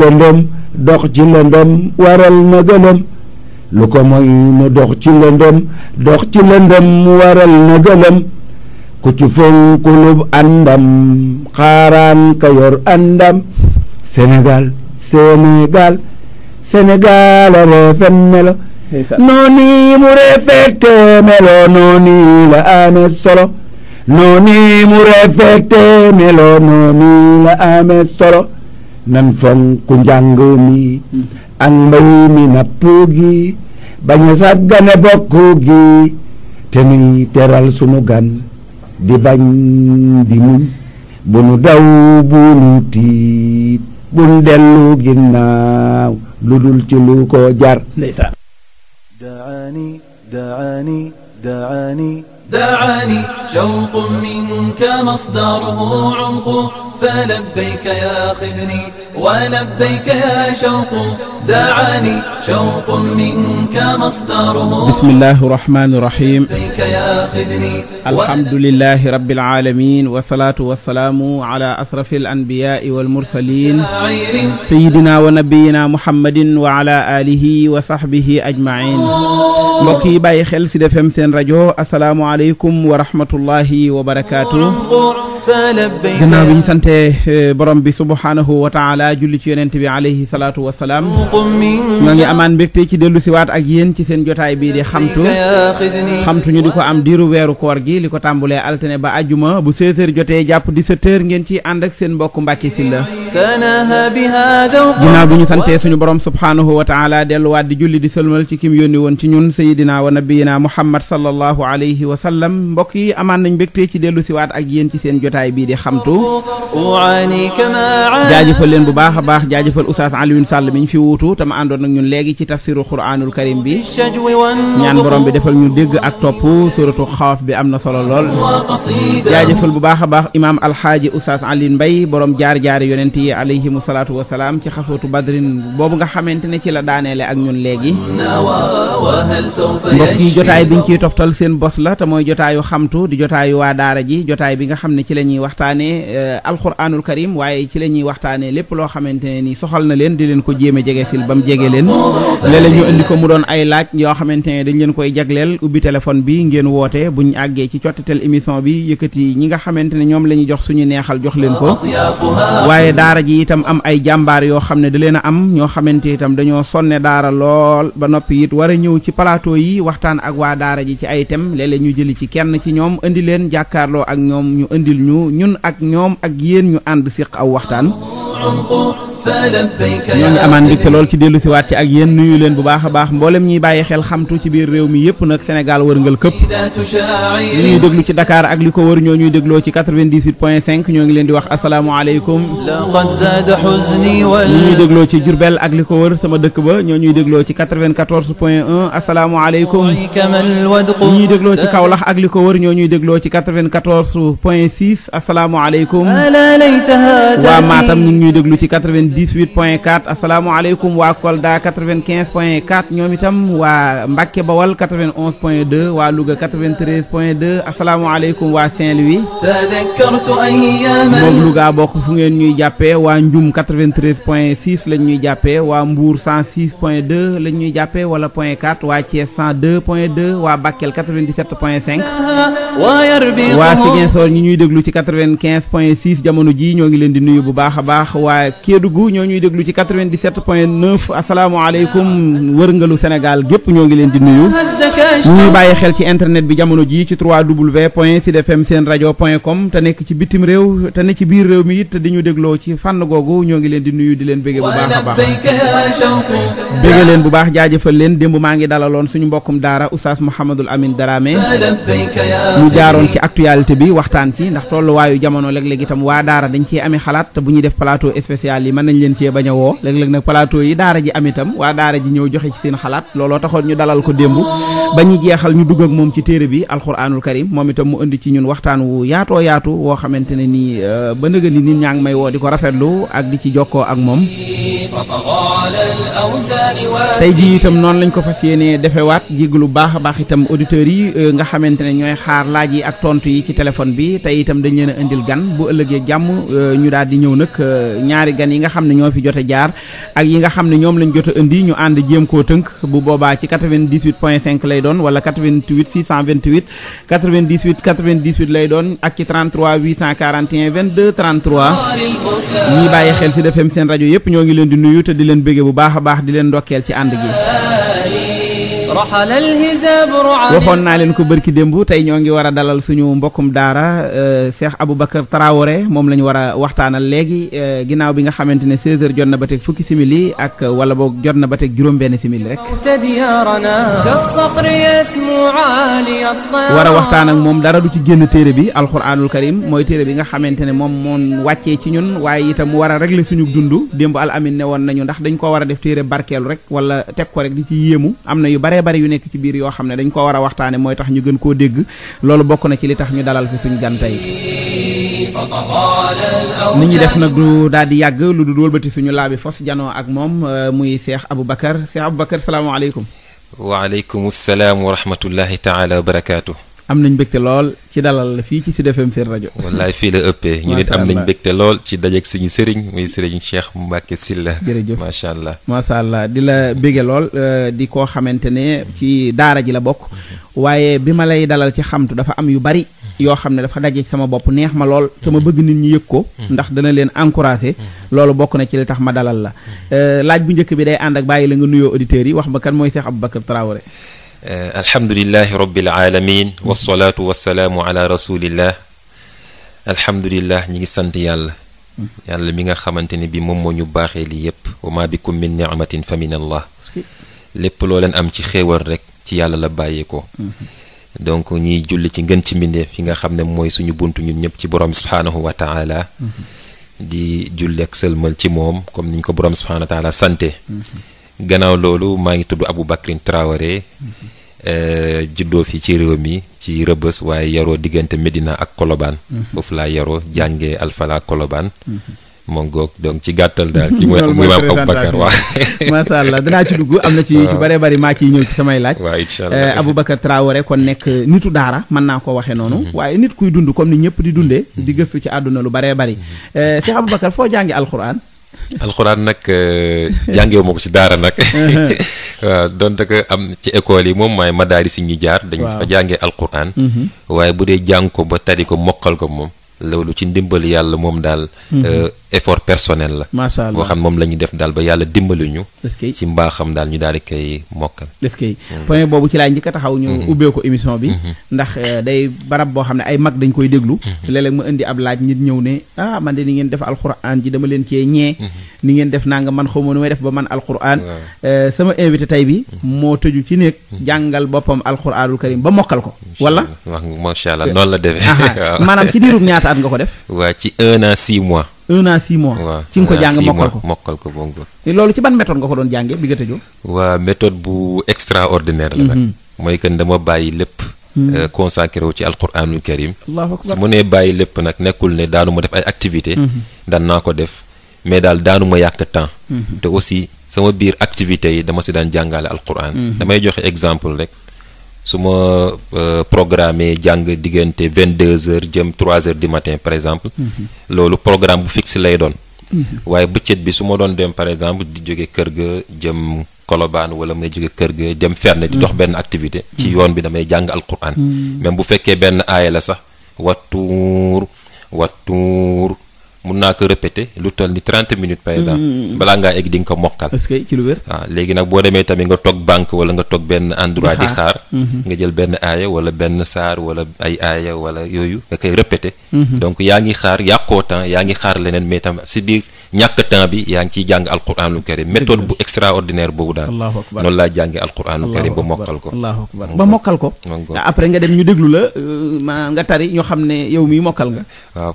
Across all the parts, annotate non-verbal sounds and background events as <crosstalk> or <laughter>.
lëndëm dox ci lëndëm waral na gëlëm lu ko moy mu dox ci lëndëm dox ci waral na gëlëm ku ci fonkulub àndam xaaraan ka yor àndam Sénégal Sénégal Sénégal a reefen melo nooni mu reefete melo nooni la ame solo nooni mu reefete melo nooni la ame solo nan fonk njàng mi ak mbay mi gi bañ a sàggane bokk gi te nuy teral sunu gan di bañ di muñ bu nu daw bu nu tiit bu nu dellu ginnaaw lu dul ci lu ko jar ndeysaan daani daani daani daani shawqun minka masdaruhu unqu فلبيك يا خذني ولبيك يا شوق دعاني شوق منك مصدره بسم الله الرحمن الرحيم لبيك يا خذني الحمد لله رب العالمين والصلاة والسلام على أشرف الأنبياء والمرسلين سيدنا ونبينا محمد وعلى آله وصحبه أجمعين mbokk yi bàyyi xel Sud FM seen rajo asalaamualeykum wa rahmatullahi wa barakaatu gannaaw bi ñu sante eh, borom bi subhaanahu wa taala julli ci yonent bi alayhi salaatu wa salaam ñoo ngi amaan mbégte ci dellu siwaat ak yéen ci seen jotaay bii di xamtu xamtu ñu di ko am diiru weeru koor gi li ko tàmbulee altine ba ajjuma bu 16h jotee jàpp 17h ngeen ci ànd ak seen mbokk Mbàkke Sylla ginnaaw bi ñu sante suñu borom subhaanahu wa taala delluwaat di julli di sëlmal ci kim yónni ci ñun sayidina wa nabiyina muhammad sallallahu alayhi wa sallam mbokk yi amaan nañ mbégte ci dellu siwaat ak yéen ci seen jotaay jotaay bii di xamtu leen bu baax a baax jaajëfal Oustaz Alioune Sall mi ñu fi wuutu tam àndoon ak ñun léegi ci tafsiru Quraanul Karim bi ñaan borom bi defal ñu dégg ak topp suratu xawf bi am na solo lool jaajëfal bu baax a baax imaam alxaaji Oustaz Alioune Mbaye borom jaar-jaari yonent yi alayhimu salaatu wasalaam ci xasootu badrin boobu nga xamante ne ci la daaneele ak ñun léegi mbokk yi jotaay biñ ciy toftal seen bos la te mooy jotaayu xamtu di ñuy waxtaanee euh, alxuraanul karim waaye ci la ñuy waxtaanee lépp loo xamante ne ni soxal na leen di leen ko jéem a jege sil ba mu jege leen léeg-léeg ñu indi ko mu doon ay laaj yoo xamante ne dañ leen koy jagleel ubbi téléphone bi ngeen woote buñ àggee ci cottitel émission bi yëkkati ñi nga xamante ne ñoom la ñu jox suñu neexal jox leen ko waaye daara ji itam am ay jàmbaar yoo xam ne da leen a am ñoo xamante itam dañoo sonne daara lool ba noppi it war a ñëw ci plateau yi waxtaan ak waa daara ji ci ay thème léeg-léeg ñu jëli ci ñu ñun ak ñoom ak yéen ñu ànd séq aw waxtaan ñoo ngi amaan mbégte lool ci dellu si waat ci ak yéen nuyu leen bu baax a baax mboolem ñuy bàyyi xel xamtu ci biir réew mi yëpp nag Sénégal wërngal këpp ñi ñuy déglu ci Dakar ak li ko wër ñoo ñuy dégloo ci 98 point 5 ñoo ngi leen di wax asalaamaaleykum ñi ñuy dégloo ci Jurbel ak li ko wër sama dëkk ba ñoo ñuy dégloo ci 94 point 1 asalaamaaleykum ñi ñuy dégloo ci Kaolack ak li ko wër ñoo ñuy dégloo ci 94 point 6 asalaamaaleykum waa Matam ñi ngi ñuy déglu ci 90 98 point 4 asalaamaaleykum waa Kolda 95 point 4 ñoom itam waa Mbacke Bawal 91 point 2 waa Louga 93 point 2 asalaamaaleykum waa Saint-Louis moom Louga bokk fu ngeen ñuy jàppee waa Ndioum 93 point 6 lañ ñuy jàppee waa Mbour 106 point 2 lañ ñuy jàppee wala point 4 waa Thiès 102 point waa Bakel 97 point 5 waa Ziguinchor ñi ñuy déglu ci 95 point 6 jamono ji ñoo ngi leen di nuyu bu baax a baax waa Kédougou déggu ñoo ñuy déglu ci 97 point 9 asalaamaaleykum wërngalu Sénégal gépp ñoo ngi leen di nuyu ñuy bàyyi xel ci internet bi jamono jii ci 3w point sud fm seen rajo point com te nekk ci bitim réew te ne ci biir réew mi it di ñu dégloo ci fànn googu ñoo ngi leen di nuyu di leen bége bu baax a baax bége leen bu baax jaajëfal leen démb maa ngi dalaloon suñu mbokkum daara oustaz Mouhamadul Amin Dramé ñu jaaroon ci actualité bi waxtaan ci ndax tolluwaayu jamono léeg-léeg itam waa daara dañ ciy amee xalaat bu ñuy def plateau spécial yi nañ leen cee bañ a woo léeg-léeg nag plateau yi daara ji am itam waa daara ji ñëw joxe ci seen xalaat looloo taxoon ñu dalal ko démb ba ñu jeexal ñu dugg ak moom ci téere bi alxuraanul karim moom itam mu indi ci ñun waxtaan wu yaatoo yaatu woo xamante ne nii euh, ba nëga ni nit ñaa ngi may woo di ko rafetlu ak di ci jokkoo ak moom tey ji itam noon lañ ko fas yéenee defewaat jéglu baax a baax itam auditeurs yi euh, nga xamante ne ñooy xaar laaj yi ak tontu yi ci téléphone bi tey itam dañ leen a indil gan bu ëllëgee jàmm euh, ñu daal di ñëw nag ñaari gan xam ne ñoo fi jot jaar ak yi nga xam ne ñoom lañ jot a indi ñu ànd jéem koo tënk bu boobaa ci 98 point lay doon wala 88 628 98 98 lay doon ak ci 33 841 22 33 ñiy bàyyi xel ci Sud seen rajo yëpp ñoo ngi leen di nuyu te di leen bëgge bu baax a baax di leen ndokkeel ci ànd gi waxoon naa leen ko bërki démb tey ñoo ngi war a dalal suñu mbokkum daara abu euh, Aboubacar Traoré moom la ñu war a waxtaanal léegi euh, ginnaaw bi nga xamante ne 16 jot na ba teg fukki simili ak wala boog jot na ba teg juróom-benn simili rek. war a waxtaan ak moom dara du ci génn téere bi alxuraanul karim mooy téere bi nga xamante ne moom moon wàccee ci ñun waaye itam mu war a régler suñu dund démb al amin ne woon nañu ndax dañ ko war def téere barkeelu rek wala teg ko rek ci yéemu bari yu nekk ci biir yoo xam ne dañ ko war a waxtaane mooy tax ñu gën koo dégg loolu bokk na ci li tax ñu dalal fi suñ gan tey ni ñuy def nag daal di yàgg lu dul wëlbati suñu laabi fos janoo ak moom euh, muy Cheikh Aboubacar Cheikh Aboubacar salaamaaleykum waaleykum salaam wa rahmatullahi taala wa barakaatu am nañ mbégte lool ci dalal la fii ci si FM seen rajo. wallaay fii la ëppee. ñu nit am nañ mbégte lool ci dajeeg suñu sëriñ muy sëriñ Cheikh Mbacke Sylla. jërëjëf macha allah. macha allah di la bége lool euh, di koo xamante ne ci daara ji la bokk. waaye bi ma lay dalal ci xamtu dafa am yu bari. yoo xam ne dafa daje sama bopp neex ma lool te bëgg nit ñu yëg ko. ndax dana leen encouragé. loolu bokk na ci li tax ma dalal la. Euh, laaj bu njëkk bi day ànd ak bàyyi la nga nuyoo auditeurs yi wax ma kan mooy Cheikh Aboubacar Traoré Eh, alhamdulilahi rabbil alamin wasalaatu wasalaamu ala rasulillah alhamdulilah ñi ngi sant yàlla yàlla mi nga xamante ni bi moom moo ñu baaxee lii yépp wa ma bi min ni'matin fa min allah lépp loo leen am ci xéewal rek ci yàlla la bàyyeekoo donc ñuy julli ci ngën ci mbindeef yi nga xam ne mooy suñu buntu ñu ñëpp ci borom subhaanahu wa la di julli ak sëlmal ci moom comme niñ ko borom subhaanahu wa sante gannaaw loolu maa ngi tudd abu Aboubacrine Traoré euh, juddoo fi ci réew mi ci Rëbës waaye yaroo diggante Médina ak kolobaan mhm. foofu laa yaroo jàngee Alfala Colobane mhm. moom donc ci gàttal daal ki <laughs> mooy imaam Aboubacar waaw macha allah danaa ci am na ci <laughs> ci bari maa ciy ñëw ci samay laaj waaw incha allah euh, kon nekk nitu daara mën naa ko waxee noonu mhm. waaye nit kuy dund comme ni ñëpp di dundee di gëstu ci àdduna lu baree bari euh, Cheikh Aboubacar foo jàngi alquran alxuraan nag euh, jàngewu ma ko ci daara nag mhm. <laughs> waaw donte ko am ci école yi moom maay madaari si ñu jaar dañ fa jàngee alxuraan mhm. waaye bu dee jàng ko ba tari ko mokkal ko moom loolu ci ndimbal yàlla moom daal mhm. euh, effort personnel la. macha allah boo xam moom la def daal ba yàlla dimbali ñu. ci mbaaxam daal ñu daal di koy mokkal. est ce mm. point boobu ci laay njëkk a taxaw ñu mm-hmm. ubbee ko émission bi. Mm-hmm. ndax euh, day barab boo xam ne ay mag dañ koy déglu. Mm-hmm. léeg ma indi ab laaj nit ñëw ne ah man de ni ngeen def al alquran ji dama leen cee ñee. ni ngeen def nanga man xaw ma nu may def ba man alquran. Euh, sama invité tey bi. moo tëju ci néeg jàngal boppam al alquranul karim ba mokkal ko. wala macha allah noonu la demee. <laughs> maanaam ci ñaata at nga ko def. <laughs> ci un mois. un an six mois. waaw ci mu ko jàng mokkal ko mokkal ko bon loolu ci ban méthode nga ko doon jàngee bi nga tëjoo. waa méthode bu extraordinaire la rek. Mhm. mooy que dama bàyyi lépp. Mhm. Euh, consacré wu ci alquranul karim. su ma nee bàyyi lépp nag nekkul ne daanu def ay activité mhm. daan naa ko def mais daal daanu ma temps. te aussi sama biir activité yi dama si daan jàngale alquran. damay joxe exemple rek. su ma euh, programme jàng diggante vingt deux heures jëm trois heures du matin par exemple. Mhm. loolu programme bu fixe lay doon. Mhm. waaye bëccëg bi su ma doon dem par exemple di jóge kër ga jëm. kolobaan wala may jóge kër ga dem fenn di dox mhm. benn activité ci yoon bi damay jàng alquran même bu fekkee benn aaya la sax wattuur wattuur mun naa ko répéter lu toll ni 30 minutes par exemple mm, mm, mm. balaa egg di ko mokkal ah, léegi nag boo demee tamit nga toog banque wala nga toog benn endroit di xaar mm-hmm. nga jël benn aaya wala benn saar wala ay aaya wala yooyu nga koy répéter mm-hmm. donc yaa ngi xaar yàqoo temps yaa ngi xaar leneen mais tam si biir ñàkk temps bi yaa ngi ciy jàng alquranul karim méthode bu extraordinaire boobu daal allahu akbar noonu laa jànge alquranul karim ba ko allahu akbar ba mokkal ko après nga dem ñu déglu la euh,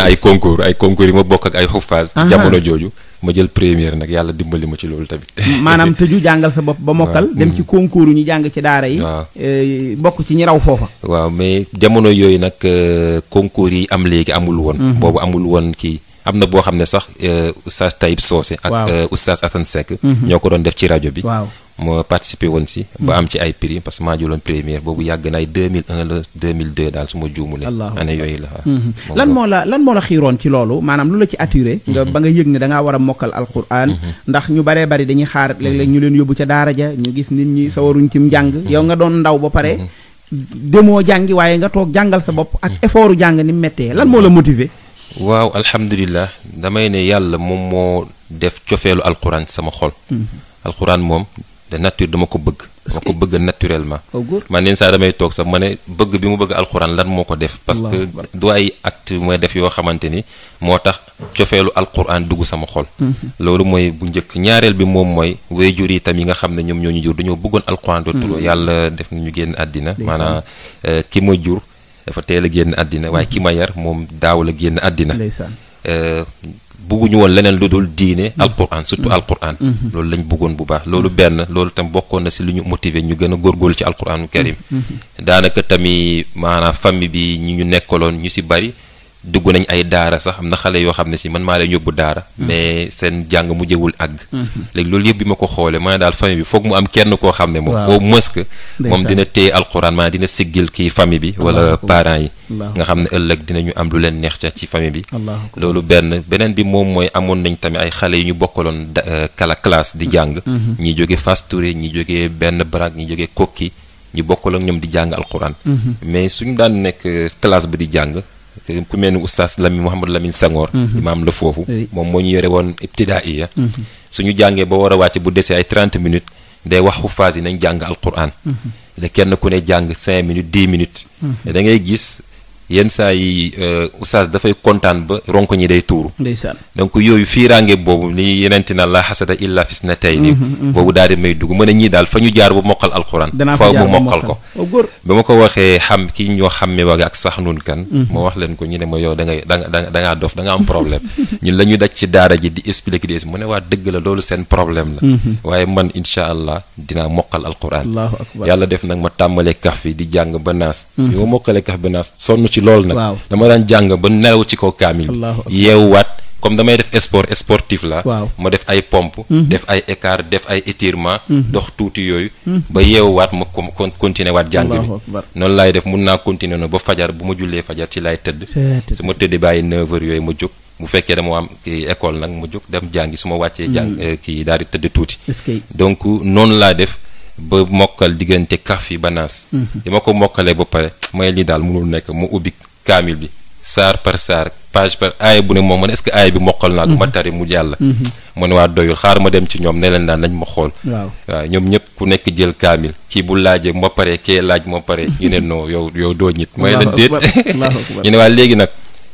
ma concours ay concours yi ma bokk ak ay xuffaas. ci jamono jooju ma jël première nag yàlla dimbali ma ci loolu tamit. maanaam tëju jàngal sa bopp ba <laughs> mokkal. dem ci mm. concours yi ñu jàng ci daara yi. Eh, bokk ci ñi raw foofa. waaw mais jamono yooyu nag eh, concours yi am léegi amul woon. Mm-hmm. boobu amul woon kii. am na boo xam ne sax eh, oustaz Taïb Socé. ak oustaz Assane Seck. Mm-hmm. ñoo ko doon def ci rajo bi. moo participé woon si. ba am ci ay prix parce que maa jëloon première boobu yàgg na ay 2001 la 2002 daal su ma juumulee. année yooyu la ah. mhm. lan moo la lan moo la xiiroon ci loolu maanaam lu la ci attiré. Mhm. nga ba nga yëg ne da ngaa war a mokkal alquran. Mhm. ndax ñu baree bari dañuy xaar léeg ñu leen yóbbu ca daara ja ñu gis nit ñi sawaruñ ci jàng yow nga doon ndaw ba pare. demoo jàngi waaye nga toog jàngal sa bopp ak effortu jàng ni méttee lan moo la motiver. waaw alhamdulilah damay ne yàlla moom moo def cofeelu alquran sama xol. alquran moom de nature dama ko bëgg. dama ko bëgg naturellement. man leen saa damay toog sax ma ne bëgg bi mu bëgg alxuraan lan moo ko def. parce que du ay acte mooy def yoo xamante ni moo tax cofeelu alxuraan dugg sama xol. Mhm. loolu mooy bu njëkk ñaareel bi moom mooy waajur yi tam yi nga xam ne ñoom ñoo ñu jur dañoo bëggoon alxuraan dootul. Mhm. yàlla def na génn àddina. maanaam euh, ki ma jur dafa teel a génn àddina waaye ki ma yar moom daaw la génn àddina. bugguñu woon leneen lu dul diine mm. alquran surtout mm. alquran mm-hmm. loolu lañ bëggoon bu baax loolu mm-hmm. benn loolu tam bokkoon na si lu ñu motiver ñu gën a góorgóorlu ci alquran karim mm-hmm. daanaka tamit maanaam famille bi ñu ñu nekkaloon ñu si bari dugg nañ ay daara sax am na xale yoo xam ne si man maa leen yóbbu daara. Mm-hmm. mais seen jàng mujjewul àgg. Mm-hmm. léegi loolu yëpp bi ma ko xoolee ma daal famille bi foog mu am kenn koo xam ne. moom au moins moom dina téye alxuraan maanaam dina siggil kii famille bi. wala parents yi. nga xam ne ëllëg dinañu am lu leen neex ci famille bi. loolu benn beneen bi moom mooy amoon nañ tamit ay xale yu ñu bokkaloon euh, kala di jàng. Mm-hmm. ñi jóge Fass Touré ñi jóge benn Brak ñi jóge Kokki ñu bokkal ak ñoom di jàng mais suñu daan nekk classe bi di jàng. ku mel ni oustaz Lamine Mouhamadou Lamine mhm. imaam la foofu moom moo ñu yore woon ibtidaa iya mhm. suñu jàngee ba war a wàcc bu desee ay 30 minutes day wax xufaas yi nañ jàng alquran. Mhm. da kenn ku ne jàng cinq minutes 10 minutes da ngay gis yenn saa yi euh, oustaz dafay kontaan ba ronko ñi day tuuru ndeysaan donc yooyu fiiraange boobu ni yenente na la xasada illa fis na tey ni mm-hmm, mm-hmm. boobu daal di may dugg mën daal fa ñu jaar bu mokkal alquran fa mu mokkal ko oh, ba ma ko waxee xam ki ñoo xamme wage ak sax nun kan mm-hmm. ma wax leen ko ñu ne ma yow da ngay da nga da ngaa da nga am problème <laughs> ñun la ñu daj ci daara ji di expliquer di mu ne waa dëgg la loolu seen problème la waaye man incha allah dinaa mokkal alquran yàlla def nag ma tàmbalee kaf fi di jàng ba naas bi ma mokkalee ba naas sonn ci ci loolu nag. waaw dama daan jàng ba nelaw ci kaw kaamil. yeewuwaat comme damay def sport sportif la waaw ma def ay pompe mhm. def ay écart def ay étirement mhm. dox tuuti yooyu mhm. ba yeewuwaat ma ko continuer waat jàng bi noonu laay def mun naa continuer noonu ba fajar bu ma jullee fajar ci laay tëdd su ma tëddee bàyyi neuf heures yooyu ma jóg bu fekkee dama am kii école nag ma jóg dem jàngi su ma wàccee jàng eh, kii daal di tëdd tuuti donc noonu laa def ba mokkal diggante kaf yi banaas li mhm. ma ko mokkalee ba pare may lii daal mënul nekk mu ubbi kaamil bi saar par saar page par aaya bu ne moom man est-ce aaya bi mokkal naa ko mhm. ma tari mu yàlla mhm. mu ne waa doyul xaar ma dem ci ñoom ne leen daan nañ ma xool waaw ñoom ñëpp ku nekk jël kaamil kii bu laajee ma pare kee laaj ma pare ñu ne <laughs> non yow yow doo ñit mooy leen déet <laughs> ñu ne waa léegi nag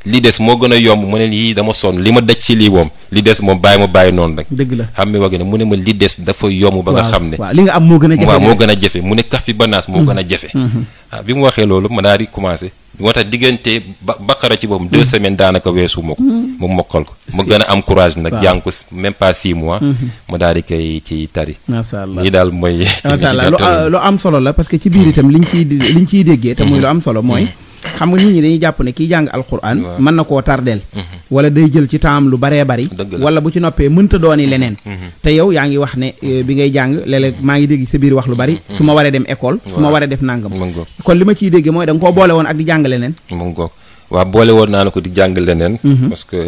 li des moo gën a yomb mu ne yii dama sonn li ma daj ci lii woom li des moom bàyyi ma bàyyi noonu rek dëgg la xam mi wagg ne mu des dafa yomb ba nga xam ne waaw li nga am moo gën a jafe moo gën a jafe mu ne kaf fi banaas moo gën a mm-hmm. jafe waaw mm-hmm. ah, bi mu waxee loolu ma daal di commencé moo tax diggante ba Bakara ci boobu deux mm-hmm. semaines daanaka weesu ma ko mu mokkal ko ma gën a am courage nag jàng ko même pas six mois ma daal di koy ci tari macha allah lii daal mooy macha allah <laughs> ah, lu am solo la parce que ci biir itam liñ ciy ñu ciy déggee te muy lu am solo mooy xam nga nit ñi dañuy jàpp ne kiy jàng alxuraan mën na koo tardeel mhm. wala day jël ci temps lu baree bari wala bu ci noppee mënta dooni mhm. leneen mhm. te yow yaa ngi wax ne eh, bi ngay jàng léeg-léeg maa ngi dégg sa biir wax lu bari su ma waree dem école su ma waree def nàngam kon li ma ciy dégg mooy da nga koo boole woon ak di jàng leneen mu woon naa la ko di jàng leneen parce que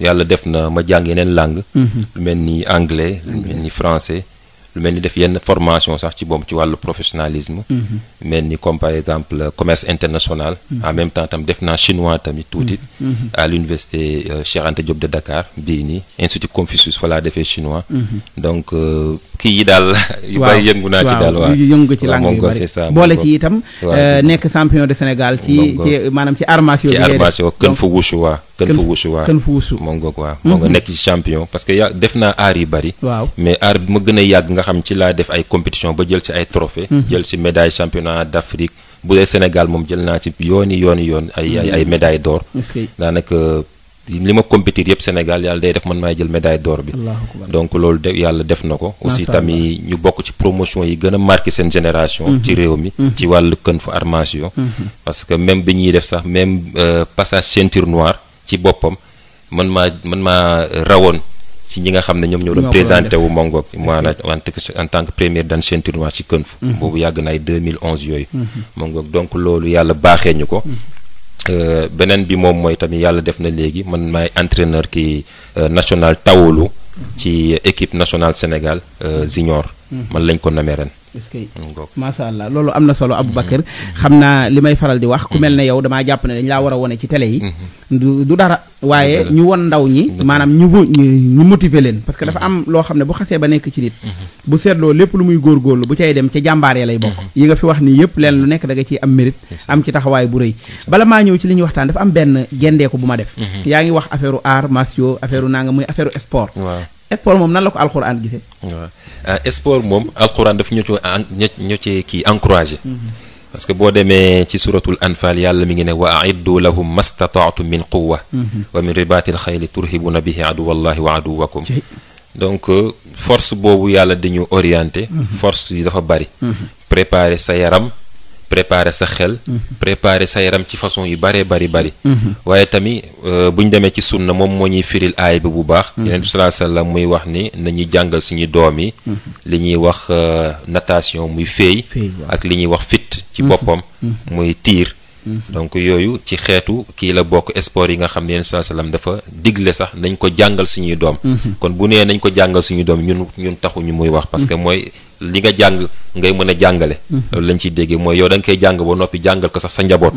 yàlla def na ma jàng yeneen langue lu mel ni anglais lu mel ni français lu mel ni def yenn formation sax ci boobu ci wàllu professionnalisme mel ni comme par exemple euh, commerce international mm-hmm. en même temps tam def naa chinois tamit tuuti mm-hmm. à l'université euh, Cheikh Anta de Dakar bii nii institut Confucius fa laa defee chinois mm-hmm. donc euh, kii yi daal <laughs> yu bari yëngu naa ci daal waaw ci langue ci itam de Sénégal ci ci maanaam ci armation ci armation kën fu wushu waa kën fu wushu waa kën fu wushu moom ngoog moo nga nekk ci champion parce que yaa def naa aar yi bari mais aar bi ma gën a yàgg nga xam ci laa def ay compétition ba jël si ay trophée jël si championnat d' Afrique bu dee Sénégal moom jël naa ci yooni yooni yoon ay ay ay médaille d'or daanaka li ma compétir yëpp Sénégal yàlla day def man maa jël médaille d'or bi donc loolu de yàlla def na ko aussi tamit ñu bokk ci promotion yi gën a marqué seen génération mhm. ci réew mi mhm. ci wàllu kën fu armation mhm. parce que même bi ñuy def sax même euh, passage ceinture noire ci boppam man maa man maa rawoon ci ñi nga xam ne ñoom ñoo doon présenté wu Mongo maanaam en tant que première dan chaine tournoi ci Kung Fu mhm. boobu yàgg na ay 2011 yooyu mhm. Mongo donc loolu yàlla baaxee ñu ko mhm. euh, beneen bi moom mooy tamit yàlla def na léegi man maay entraîneur ki euh, national taolu ci équipe nationale Sénégal euh, junior man lañ ko nommé ren est-ce que macha loolu am na solo mm-hmm. Aboubacar xam naa li may faral di wax ku mel ne mm-hmm. yow damaa jàpp ne dañ laa war a wone ci télé yi mm-hmm. du dara waaye ñu won ndaw ñi maanaam ñu ñu motiver leen parce que dafa am loo xam ne bu xasee ba nekk ci nit bu seetloo lépp lu muy góorgóorlu bu cay dem ca jàmbaaree lay bokk yi nga fi wax ni yëpp leen lu nekk da nga ciy am mérite am ci taxawaay bu rëy bala maa ñëw ci li ñuy waxtaan dafa am benn gendeeku bu ma def yaa ngi wax affaire a art martiaux affaire muy affaire sport sport moom nan la ko alxuraan gisee. waaw euh, sport moom alxuraan daf ñoo ci ñoo ci kii encouragé. Mhm. parce que boo demee ci suratul anfal yàlla mi ngi ne wa aiddu lahum mastataatum min quwa mhm. wa min ribatil xayli turhibuna bihi aduwallahi wa aduwakum donc euh, force boobu yàlla dañu orienté mhm. force yi dafa bari préparer sa yaram préparer sa xel. Mhm. préparer sa yaram ci façon yu bëree bëri bëri. Mhm. waaye tamit euh, bu ñu demee ci sunna moom moo ñuy firil aay bi bu baax. Mhm. yeneen bi salaa sallam muy wax ni nañuy jàngal suñu doom yi. li ñuy wax euh, natation muy féey. ak li ñuy wax fit ci boppam. muy tiir. donc yooyu ci xeetu kii la bokk sport yi nga xam ne yéen saa salaam dafa digle sax nañ ko jàngal suñuy doom. Mhm. kon bu nee nañ ko jàngal suñuy doom ñun ñun taxu ñu muy wax. parce que mhm. mooy li nga jàng ngay mën a jàngale. Mhm. loolu lañ ciy déggee mooy yow da koy jàng ba noppi jàngal ko sax sa njaboot.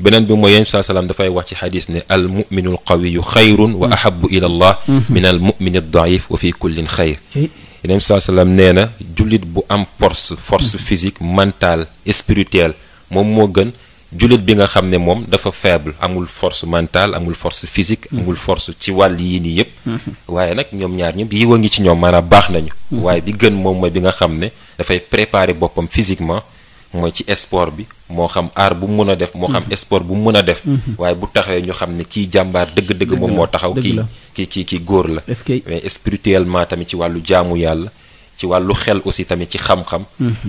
beneen bi mooy yéen saa salaam dafay wax ci xadis ne al muminul qawiyu xayrun wa ahabu ila allah min al mumini daif wa fi kullin xayr. yéen saa salaam nee na jullit bu am force force physique mentale spirituelle moom moo gën. jullit bi nga xam ne moom dafa faible amul force mentale amul force physique mm-hmm. amul force ci wàll yii nii yëpp mm-hmm. waaye nag ñoom ñaar ñëpp yiw a ngi ci ñoom maanaam baax nañu mm-hmm. waaye bi gën moom mooy bi nga xam ne dafay préparer boppam physiquement mooy ci sport bi moo xam aar bu mu mën a def moo xam sport bu mu mën a def waaye bu taxawee ñu xam ne kii jàmbaar dëgg-dëgg moom moo taxaw kii kii kii kii góor la mais spirituellement tamit ci wàllu jaamu yàlla ci wàllu xel aussi tamit ci xam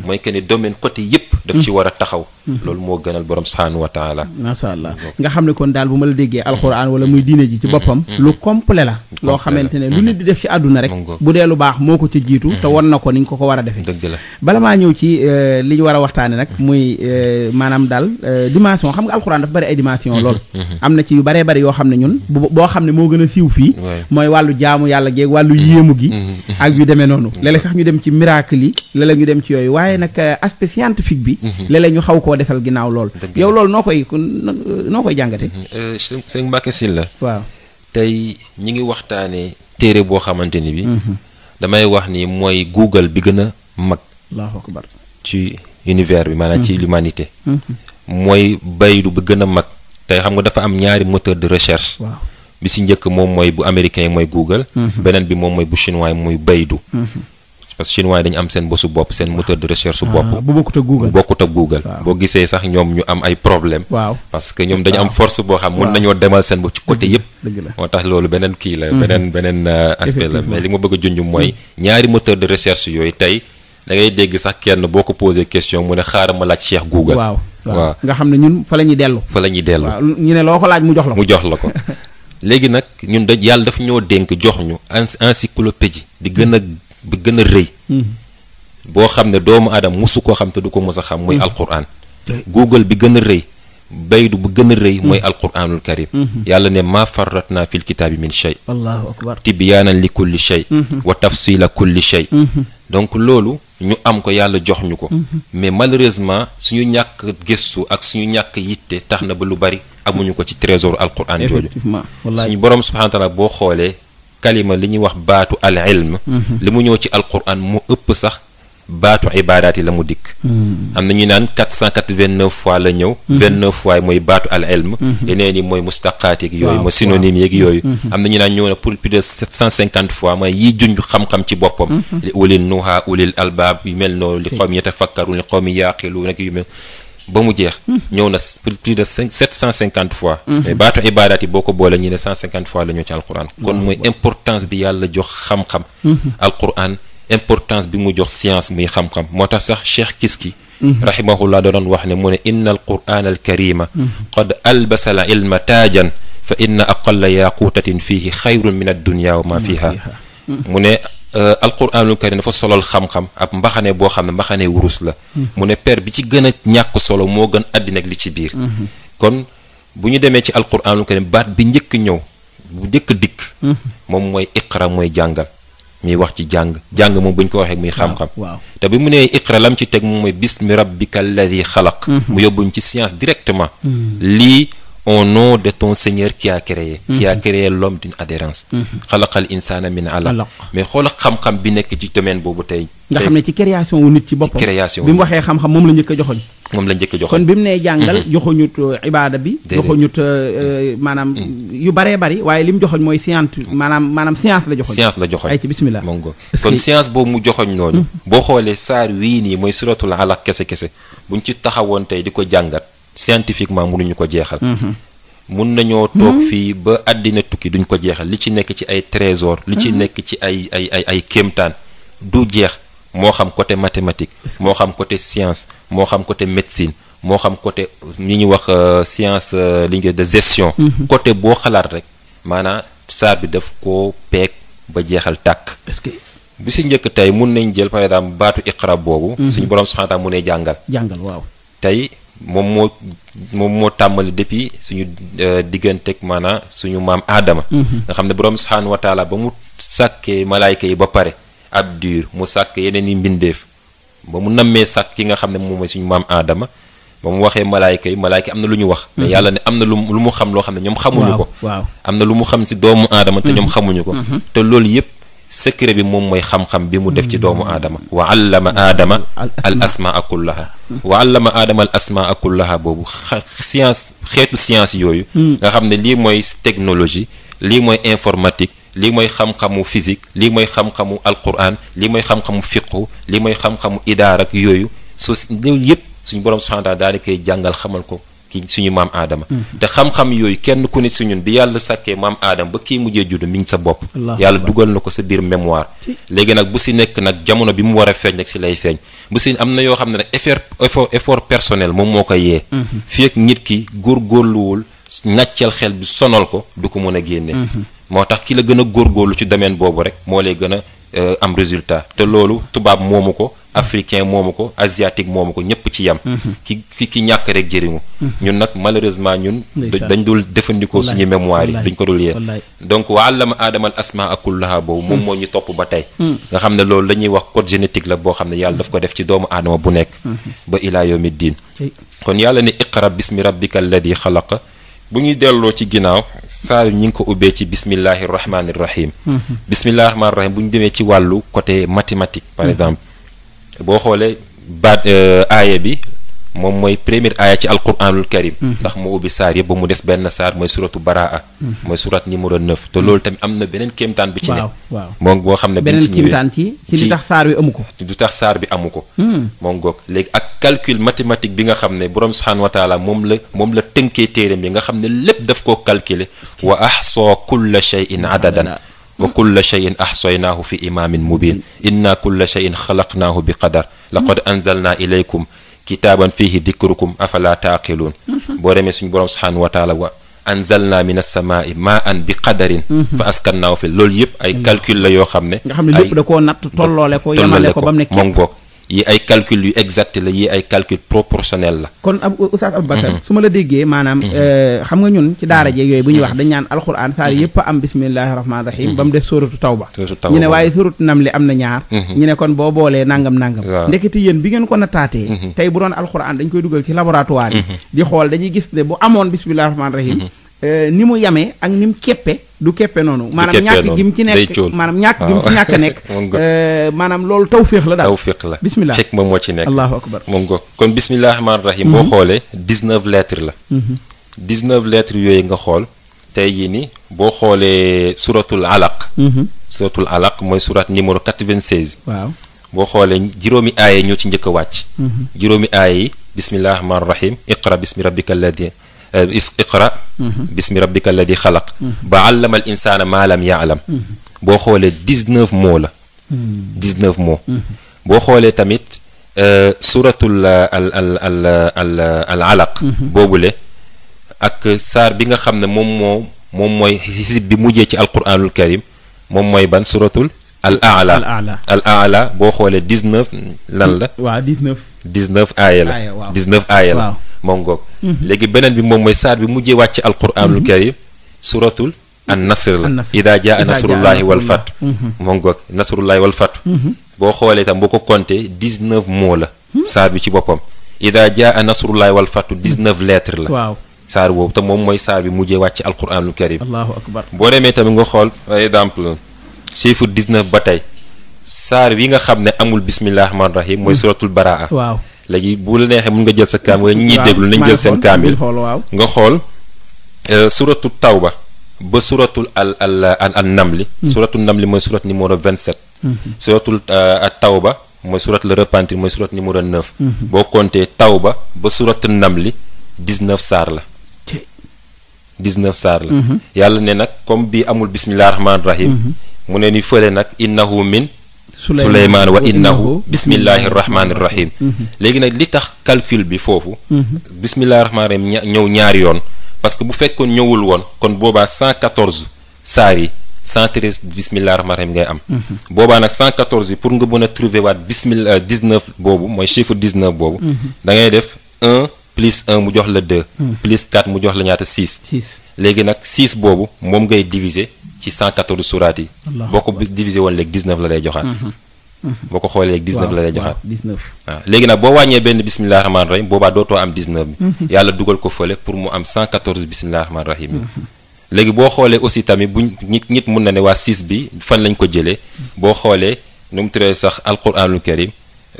mooy que ne domaine côté yëpp daf ci war a taxaw loolu moo gënal borom subhaanahu wa taala macha allah nga xam ne kon daal bu ma la déggee alxuraan wala muy diine ji ci mm-hmm. boppam mm-hmm. lu complet la loo xamante ne lu mm-hmm. nit di def ci àdduna rek bu dee lu baax moo ko ci jiitu te won na ko ni ñu ko ko war a defee dëgg la bala maa ñëw ci euh, li ñu war a waxtaane nag muy euh, maanaam daal euh, dimension xam nga alxuraan dafa bari ay dimension lool am na ci yu baree bari yoo xam ne ñun boo xam ne moo gën a siiw fii mooy wàllu jaamu yàlla geeg wàllu yéemu gi ak yu demee noonu léeg-léeg sax ñu dem ci miracle yi léeg-léeg ñu ci yooyu waaye nag aspect scientifique bi léeg-léeg defal ginnaaw lool. yow lool noo koy noo koy jàngate euh, sëñ Mbacke Sylla waaw tey ñi ngi waxtaanee téere boo xamante ni bi. Mhm. damay wax ni mooy Google bi gën a mag. allahu akbar ci univers bi maanaam ci mhm. l'humanité mhm. mooy baydu bi gën a mag. tey xam nga dafa am ñaari moteur de recherche. waaw. bi si njëkk moom mooy bu américain mooy Google. beneen bi moom mooy bu chinois mooy baydu. parce que chinois yi dañu am seen bosu bopp seen moteur de recherche. Ah, bopp bu bokkut ak Google boo gisee sax ñoom ñu am ay problème parce que ñoom dañu am force boo xam mun nañoo demal seen bopp ci côté yëpp. moo tax loolu beneen kii la. Mhm. beneen beneen euh, aspect la mais li ma bëgg a junj mooy hmm. ñaari moteur de recherche yooyu tey da ngay dégg sax kenn boo ko posé question mu ne xaaral ma laaj Cheikh Google. waaw waaw nga xam ne ñun fa la ñuy dellu. fa la ñuy dellu ñu ne loo ko laaj mu jox la la ko. <laughs> léegi nag ñun dañ yàlla di gën bi gën rëy mm-hmm. boo xam ne doomu aadama mosu koo xam te du ko mos a xam muy mm-hmm. alquran google bi gën a rëy baydu bu gën a rëy mm-hmm. mooy alquranul karim yàlla ne maa farratna fi lkitaabi min shay allahu akbar tibyaanan li kulli shay wa tafsila kulli shay donc loolu ñu am ko yàlla jox ñu ko mais malheureusement suñu ñàkk gëstu ak suñu ñàkk yitte tax na ba lu bari amuñu ko ci trésor alquran jooju suñu borom subhanahu wa boo xoolee kalima li ñu wax baatu al ilm mhm. li mu ñëw ci alquran mu ëpp sax baatu ibaadaat yi la mu dikk mhm. am na ñu naan 489 fois la ñëw 29 mhm. fois mooy baatu al ilm yeneen yi mooy mustaqaat yeeg yooyu mooy synonyme yeeg yooyu am na ñu naan ñëw na pour plus de 750 fois mooy yiy junj xam-xam ci boppam li ulil nuha ulil albaab yu mel noonu li xawmi yatafakkaruun li xawmi yaaqiluun ak yu mel ba mu jeex. ñëw na plus de cinq cent cinquante fois. mais baatu ibaadaat boo ko boole ñu ne cent cinquante fois la ñëw ci kon mooy importance bi yàlla jox xam-xam. alquran importance bi mu jox science muy xam-xam moo tax sax cheikh Kiski. rahimahullah da doon wax ne mu ne inna alquran alkarima. qad albasa al ilma taajan fa inna aqalla yaaquutatin fiihi xayrun min ad dunya wa ma fiha mu ne al euh, alquranul karim dafa solal xam-xam ab mbaxane boo xam ne mbaxane wurus la mu ne per bi ci gën a ñàkk solo moo gën àddina ak li ci biir mhm. kon bu ñu demee ci alquranul karim baat bi njëkk ñëw bu njëkk dikk mhm. moom mooy iqra mooy jàngal muy wax ci jàng jàng moom bu ñu ko waxee muy xam-xam te bi mu nee iqra lam ci teg moom mooy bismi rabbika alladi xalaq mhm. mu yóbbuñ ci science directement lii au nom de ton Seigneur qui a créé. qui a mhm. créé l'homme d'une adhérence. Mhm. xalaqal insaana min alaq mais xool xam-xam bi nekk ci domaine boobu tey. nga xam ne ci création wu nit ci boppam. bi mu waxee xam-xam moom la njëkk a joxoñ. moom la njëkk a joxoñ kon bi mu nee jàngal. Mhm. joxoñut euh, ibaada bi. joxoñut euh, euh, maanaam yu baree bari waaye li mu joxoñ mooy science maanaam maanaam science la joxoñ. science la joxoñ ay ci bismillah kon science boobu mu joxoñ noonu. boo xoolee saar wii nii mooy suratul alaq kese kese buñ ci taxawoon tey di ko jàngat. scientifiquement ñu ko jeexal. Mhm. mun nañoo toog mhm. fii ba àddina tukki duñ ko jeexal li ci nekk ci ay trésor li ci mhm. nekk ci ay ay ay ay kéemtaan du jeex moo xam côté mathématique moo xam côté science moo xam côté médecine moo xam côté ñi ñuy wax euh, science euh, li de gestion côté boo xalaat rek maanaam saar bi daf koo peeg ba jeexal tàkk bi si njëkk tey mun nañ jël par exemple baatu iqra boobu suñu borom subhanahu wa mu ne jàngal jàngal moom moo moom moo tàmbali depuis suñu euh, digganteeg maanaam suñu maam aadama mhm. nga xam ne borom subhaanahu wa ba mu sàkkee malaayka yi ba pare ab diir mu sàkk yeneen yi mbindeef ba mu nammee sàkk ki nga xam ne moom mooy suñu maam aadama ba mu waxee malaayka yi malaayka yi am na lu ñu wax mais mhm. yàlla ne am na lu lu mu xam loo xam ne ñoom xamuñu ko am na lu mu xam si doomu aadama te mhm. ñoom xamuñu ko te loolu yëpp secret bi moom mooy xam-xam bi mu def ci doomu aadama wa allama aadama al asmaa kullaha wa allama aadama al asmaa kullaha boobu science xeetu science yooyu hmm. nga xam ne lii mooy technologie lii mooy informatique lii mooy xam-xamu physique lii mooy xam-xamu alquran lii mooy xam-xamu fiqhu lii mooy xam-xamu idaar yooyu soo loolu yëpp suñu borom subhaana taala daal di koy jàngal xamal ko ki suñu maam aadama mm-hmm. te xam-xam yooyu kenn ku ne suñun bi yàlla sàkkee maam aadama ba kii mujjee judd mi ngi sa bopp yàlla dugal na ko sa biir mémoire léegi nag bu si nekk nag jamono bi mu war a feeñ nag si lay feeñ bu si am na yoo xam ne nag effort effort personnel moom moo ko yee mm-hmm. fii ak nit ki góor góorluwul nàccal xel bi sonal ko du ko mën a génne mm-hmm. moo tax ki la gën a góor góorlu ci domaine boobu rek moo lay gën a euh, am résultat te loolu tubaab moomu ko africain moomu ko asiatique moomu ko ñëpp ci yam mhm. ki ki ki ñàkk rek jëriñu mhm. ñun nag malheureusement ñun dañ dul defandikoo suñu mémoire yi duñ ko dul yee donc wa allama aadama al asmaa kullaha boobu moom mhm. moo ñu topp ba tey nga xam ne loolu la ñuy wax code génétique la boo xam ne yàlla daf ko def ci doomu aadama bu nekk ba ilaa yawmi diin kon yàlla ne iqra bismi rabbika alladi xalaqa bu ñu delloo ci ginnaaw saa ñi ngi ko ubbee ci bismillahi rahmaani rahim bismillahi rahmaani rahim bu ñu demee ci boo xoolee baat euh, aaya bi moom mooy première aaya ci alquranul karim mhm. ndax moo ubbi saar yëpp ba mu des benn saar mooy suratu baraa mhm. mooy surat numéro 9 te loolu tamit am na beneen kéemtaan bi ci ne moom boo xam ne beneen kéemtaan ci ci li tax saar bi amu ko du tax saar bi amu hmm. ko moom goog léegi ak calcul mathématique bi nga xam ne borom subhaanahu wa moom la moom la tënkee téeram bi nga xam ne lépp daf koo calculer wa ahsa kulla shay'in adadan wa kulla cheyin axsaynaahu fi imaamin mubin inna kulla cheyin xalaqnaahu bi qadar laqad anzalna ilaykum kitaaban fihi dikrukum afala taaqiluun boo demee suñu boroom subhaanahu wa taala wa anzalna min as-samaa'i maa'an bi qadarin fa askannaahu fi loolu yëpp ay calcul la yoo xam ne nga xam ne lépp da koo natt tolloole ko yemale ko ba mu nekk moom ngoog yi ay calcul yu exact la yi ay calcul proportionnel la. kon ab Oustaz Aboubacar. Mhm. su ma la déggee maanaam. Mhm. Euh, xam nga ñun ci daara jeeg yooyu bu ñuy wax mhm. dañ ñaan alxuraan saar yëpp a am bismillahi rahmaani rahim. ba mu des sóoratu tawba. ñu ne waaye sóoratu nam li am na ñaar. ñu ne kon boo boolee nangam nangam. ndeketi yéen bi ngeen kon ko nataatee. tey bu doon alxuraan dañ koy dugal ci laboratoire yi. di xool dañuy gis ne bu amoon bismillahi rahmaani rahim. Euh, ni mu yamee ak ni mu keppe du keppe noonu maanaam ñàkk gi mu ci nekk maanaam ñàkk gi mu ci ñàkk ah. nekk <laughs> euh, maanaam loolu tawféex la daal tawféex la bismillah xikma moo ci nekk allahu akbar moom ko kon bismillah rahmaani rahim boo mhm. xoolee dix-neuf lettres la mhm. dix-neuf lettres yooyu nga xool tey jii nii boo xoolee suratul alaq mhm. suratul alaq mooy surat numéro quatre-vingt-seize waaw boo xoolee juróomi aaya ñoo ci njëkk a wàcc juróomi aaya yi bismillah rahmaani rahim iqra bismi rabbika alladi Euh, iqra bismi rabbika alladi xalaq ba allama al insaana lam yaalam boo xoolee dix-neuf mots la dix-neuf boo xoolee tamit euh, suratul euh, al al al al al alaq boobule ak saar bi nga xam ne moom moo mooy xisib bi mujjee ci alquranul karim moom mooy ban suratul al aala al aala boo xoolee dix-neuf lan la waaw dix-neuf dix-neuf la moom ngoog léegi beneen bi moom mooy saar bi mujjee wàcc alquranul karim suratul an nasr la ida jaa nasrullahi wal fat mhm. moom ngoog nasrullahi wal fat mhm. boo xoolee itam boo ko compté dix-neuf mots la saar bi ci boppam ida jaa nasrullahi wal fatu dix-neuf lettres la waaw saar boobu te moom mooy saar bi mujjee wàcc alquranul karim allahu akbar boo demee tamit nga xool par exemple chiffre 19 ba tey saar bi nga xam ne amul bismillahi rahmaani rahim mooy mhm. suratul baraa léegi bu la neexee mun nga jël sa kaamil ñi ñuy déglu nañ jël seen kaamil nga xool euh, suratu taw ba ba suratul al al al namli hmm. suratul namli mooy surat numéro 27 taw ba mooy surat la repentir mooy surat numéro 9 hmm. boo compté tawba ba suratul namli 19 saar la 19 saar la hmm. yàlla ne nag comme bii amul bismillah rahmaani rahim mu ne ni fële nag innahu min suleymaan wa innahu bismillahi rahmaani rahim léegi nag li tax calcul bi foofu mhm. bismillahi rahmaani rahim ñëw ñaari yoon parce que bu fekkoon ñëwul woon kon boobaa 114 saar yi 113 bismillahi rahmaani rahim ngay am mhm. booba nag 114 yi pour nga mën a trouver waat bismillah euh, 19 boobu mooy chiffre 19 boobu mhm. da ngay def plus jox la 2. Hmm. plus 4 mu jox la ñaata 6. 6 léegi nag 6 boobu moom ngay diviser ci 114 suraat yi. boo ko diviser woon léegi 19 la lay joxaat. Hmm, hmm, boo ko xoolee léegi 19 la lay joxaat. 19 waaw léegi boo wàññee benn bisimilah rahmaani rahim boobaa dootoo am 19 bi. yàlla dugal ko fële pour mu am 114 bisimilah rahmaani rahim yi. léegi boo xoolee aussi tamit bu nit nit mun na ne waa 6 bi fan lañ ko jëlee. boo xoolee nu mu turee sax alquranul karim 604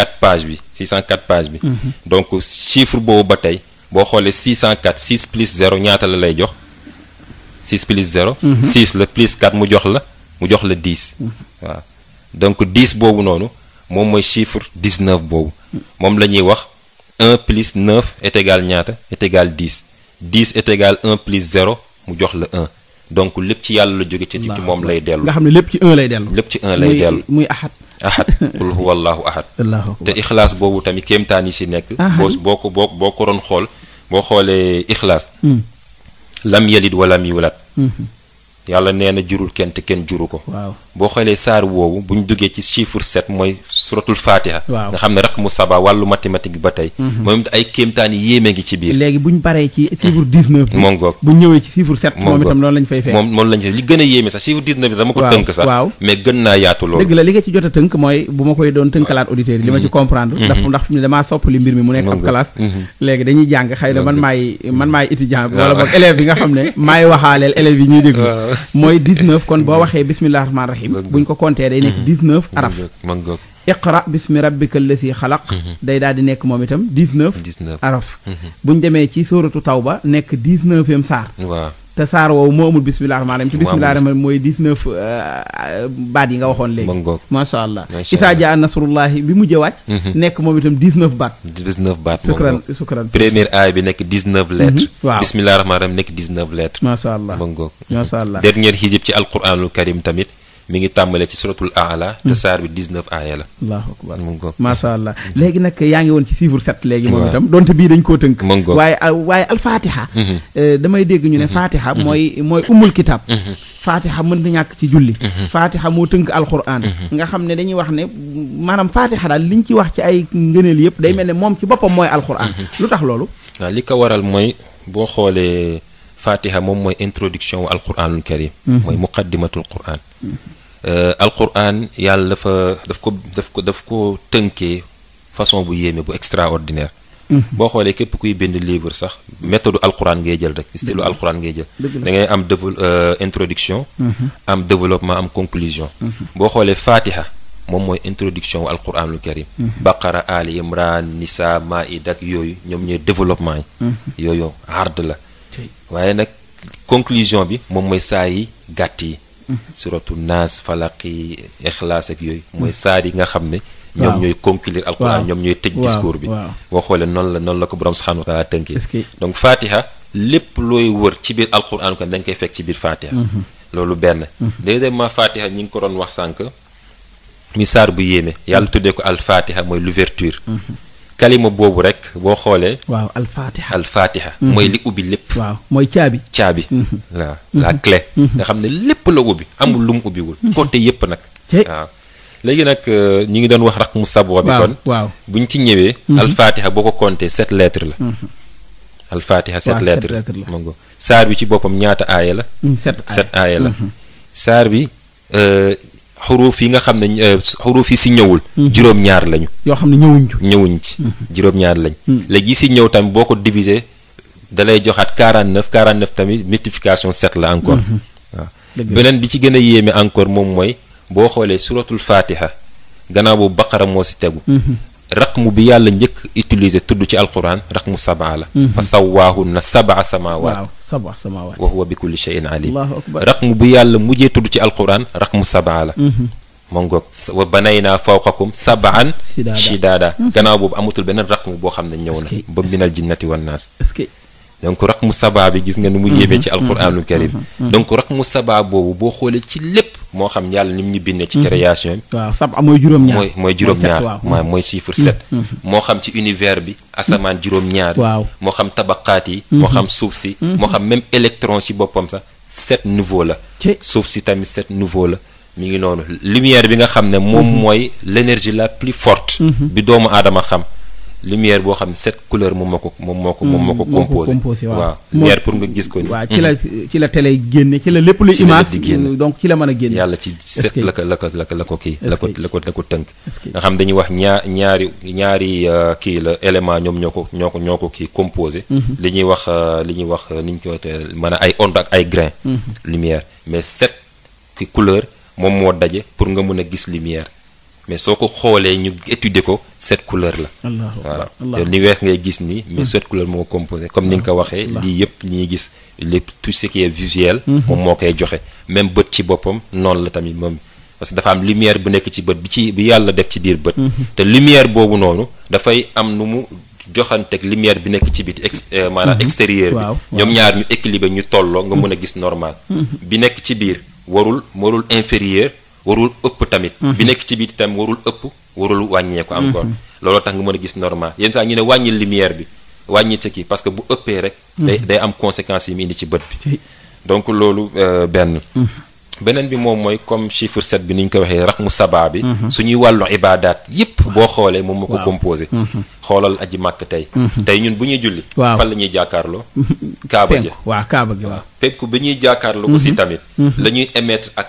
euh, page bi 604 page bi. Mhm. donc chiffre boobu ba tey boo xoolee 604 6 plus 0 ñaata la lay jox 6 plus 0. 6 la plus 4 mu jox la mu jox la 10. Mhm. waaw donc 10 boobu noonu moom mooy chiffre 19 boobu moom la ñuy wax 1 plus 9 est égal ñaata etegal égal 10 10 est égal plus 0 mu jox la 1. donc lépp ci yàlla la jóge ci moom lay dellu. nga xam ne lépp ci 1 lay dellu. lépp ci 1 lay dellu muy muy ahad <laughs> qul huwa allahu ahad te ixlaas boobu tamit kéemtaan yi si nekk boo boo ko boo boo ko doon xool boo xoolee ixlaas hmm. lam yalid walam yulad hmm. yàlla nee jurul kenn te kenn juru ko. waaw boo xoolee saar woowu bu duggee ci chiffre sept mooy suratul fatiha. nga xam ne raqmu saba wàllu mathématique ba tey. Mhm. moom ay kéemtaan yéeme ngi ci biir. léegi bu ñu ci chiffre dix neuf. moom goog bu dama ko tënk sax. mais gën naa yaatu loolu. li nga ci jot a tënk mooy bu ma koy doon tënkalaat auditeurs li ma ci mhm. comprendre. Mhm. ndax ndax fi mu ne damaa soppali mbir mi mu nekk ab classe. léegi dañuy jàng xëy na mooy 19 kon boo waxee bismillahi rahmaani bu buñ ko compté day nekk 19 mhm. araf iqra bismi rabbika allasi xalaq mhm. day daal di nekk moom itam 19 bu ñu demee ci taw ba nekk 19e saar waaw te saar woowu moo amul bisimilah rahmaan rahim te bisimilah rahmaan mooy 19 euh, baat yi nga waxoon léegi. ma macha allah isaa jaa nasrullahi bi mujjee wàcc. Mhm. nekk moom itam 19 baat. 19 baat sukran sukran première aay bi nekk 19 lettres. Mhm. waaw bisimilah rahmaan rahim nekk 19 lettres. macha allah ma ngoog macha allah dernière hijib ci alquranul karim tamit. mi ngi tàmbale ci suratul aala te hmm. saar bi 19 aaya la allahu akbar mu ngoog allah léegi nag yaa ngi woon ci chiffre set léegi moom itam donte bii dañ ko tënk mu ngoog waaye ah, waaye alfaatiha eh, damay dégg ñu ne faatiha mooy mooy umul kitab faatiha mën na ñàkk ci julli faatiha moo tënk alquran nga xam ne dañuy wax ne maanaam faatiha daal ñu ci wax ci ay ngëneel yëpp day mel ne moom ci boppam mooy alquran lu tax loolu waaw li ko waral mooy boo xoolee faatiha moom mooy introduction wu alquranul karim mooy muqaddimatul quran Euh, alquran yàlla dafa daf ko daf ko daf ko tënkee façon bu yéeme bu extraordinaire mm-hmm. boo xoolee képp kuy bind livre sax méthode alquran ngay jël rek style alquran ngay jël da ngay am dével euh, introduction mm-hmm. am développement am conclusion mm-hmm. boo xoolee fatiha moom mooy introduction wu alquranul karim baqara ali imran nisa maïd ak yooyu ñoom ñooy développement yi yooyu hard la waaye nag conclusion bi moom mooy saar yi gàtt yi suratu naas falaqi ixlaas ak yooyu mooy saar yi nga xam ne ñoom ñooy conclure alquran ñoom ñooy tëj discours bi boo xoolee noonu la noonu la ko borom subhanahu wa taala tënkee donc fatiha lépp looy wër ci biir alquran ko dañ koy fekk ci biir fatiha mm-hmm. loolu benn mm-hmm. deuxièmement fatiha ñi ngi ko doon wax sànq mi saar bu yéeme yàlla mm-hmm. tuddee ko al fatiha mooy l'ouverture kalima boobu rek boo xoolee. waaw alfaatiha alfaatiha. Mm-hmm. mooy li ubbi lépp. mooy caabi. caabi. Mm-hmm. laa mm-hmm. la nga xam ne lépp la ubbi amul lu mu ubbiwul. compte yépp nag. waaw léegi nag euh, ñu ngi doon wax raq mu saboo bi kon bu ñu ci ñëwee. alfaatiha boo ko compté sept lettres la. alfaatiha sept lettres la ma saar bi ci boppam ñaata aaya la. Mm, sept aaya la saar bi. Euh, xuruuf yi nga xam ne euh, xuruuf yi si ñëwul mm-hmm. juróom-ñaar lañu yoo xam ne ñëwuñ ci ñëwuñ ci mm-hmm. juróom-ñaar lañ mm-hmm. léegi yi si ñëw tamit boo ko diviser da lay joxaat 49 49 tamit multiplication 7 la encore waaw ah. beneen bi ci gën a yéeme encore moom mooy boo xoolee suratul fatiha gannaaw boobu baqara moo si tegu raqmu bi yàlla njëkk utiliser tudd ci alquran raqmu sabaa la mhm. fa sawwaahunna sabaa samaawaat sabaa samaawaat wa huwa bi kulli shay'in alim raqmu bi yàlla mujjee tudd ci alquran raqmu sabaa la moom ngoog wa banaynaa fawqakum sabaan shidaada mhm. gannaaw boobu amatul beneen raqmu boo xam ne ñëw na ba minal jinnati wan naas donc mu sabaa bi gis nga ni mu yéemee ci mm-hmm. alquraanul mm-hmm. karim mm-hmm. donc mu sabaa boobu boo xoolee ci lépp moo xam yàlla ni mu ñu bindee ci création bi waaw sab mooy mooy mooy juróom-ñaar mooy mooy chiffre sept moo xam ci univers bi asamaan juróom waaw moo xam tabaqaat yi moo xam suuf si moo xam même électron si boppam sax sept nouveau la suuf si tamit sept nouveau la mu ngi noonu lumière bi nga xam ne moom mooy l' la plus forte bi doomu aadama xam lumière boo xam ne sept couleurs moom moo ko moom moo ko moom moo ko hmm, composé waaw lumière pour nga gis ko ni waaw ci la hmm. ci la génne ci la lépp lu image euh, donc ci la mën a génne yàlla ci sept la ko la ko la ko la ko kii la ko la ko la ko tënk nga xam dañuy wax ñaar ñaari ñaari euh, kii la élément ñoom ñoo ko ñoo ko ñoo ko kii composé mm-hmm. li ñuy wax euh, li ñuy wax ni ñu ko maanaam ay onde ak ay grain mm-hmm. lumière mais sept couleur moom moo daje pour nga mën a gis lumière mais soo ko xoolee ñu étudier ko sept couleurs la voilà li weex ngay gis ni mais hmm. sept couleurs moo composé comme ni nga ko waxee lii yëpp ñuy gis lépp tout ce visuel hmm. moom moo koy joxe même bët ci boppam noonu la tamit moom parce que dafa am lumière bu nekk ci bët bi ci bi yàlla def ci biir bët hmm. te lumière boobu noonu dafay am nu mu joxanteeg lumière bi nekk ci biti ex euh, maanaam extérieur bi ñoom ñaar ñu équilibré ñu tolloo nga mën a gis normal bi nekk ci biir warul warul inférieur warul ëpp tamit. Mhm. bi nekk ci biir tam warul ëpp warul wàññeeku. encore mhm. looloo tax nga mën a gis normal yenn saa ñu ne wàññil lumière bi wàññi sa kii parce que bu ëppee rek. Mhm. day day am conséquence yi mu indi ci bët bi. donc loolu euh, benn. beneen bi moom mooy comme chiffre set bi ni ñu ko waxee rax mu sabaa bi. suñuy wàllu ibaadaat yëpp boo xoolee moom moo ko composé. xoolal aji màkk tey. tey ñun bu ñuy julli. waaw fan la ñuy jàkkaarloo. kaaba ja kaaba gi waaw. penku bi ñuy jàkkaarloo. aussi tamit. la ñuy ak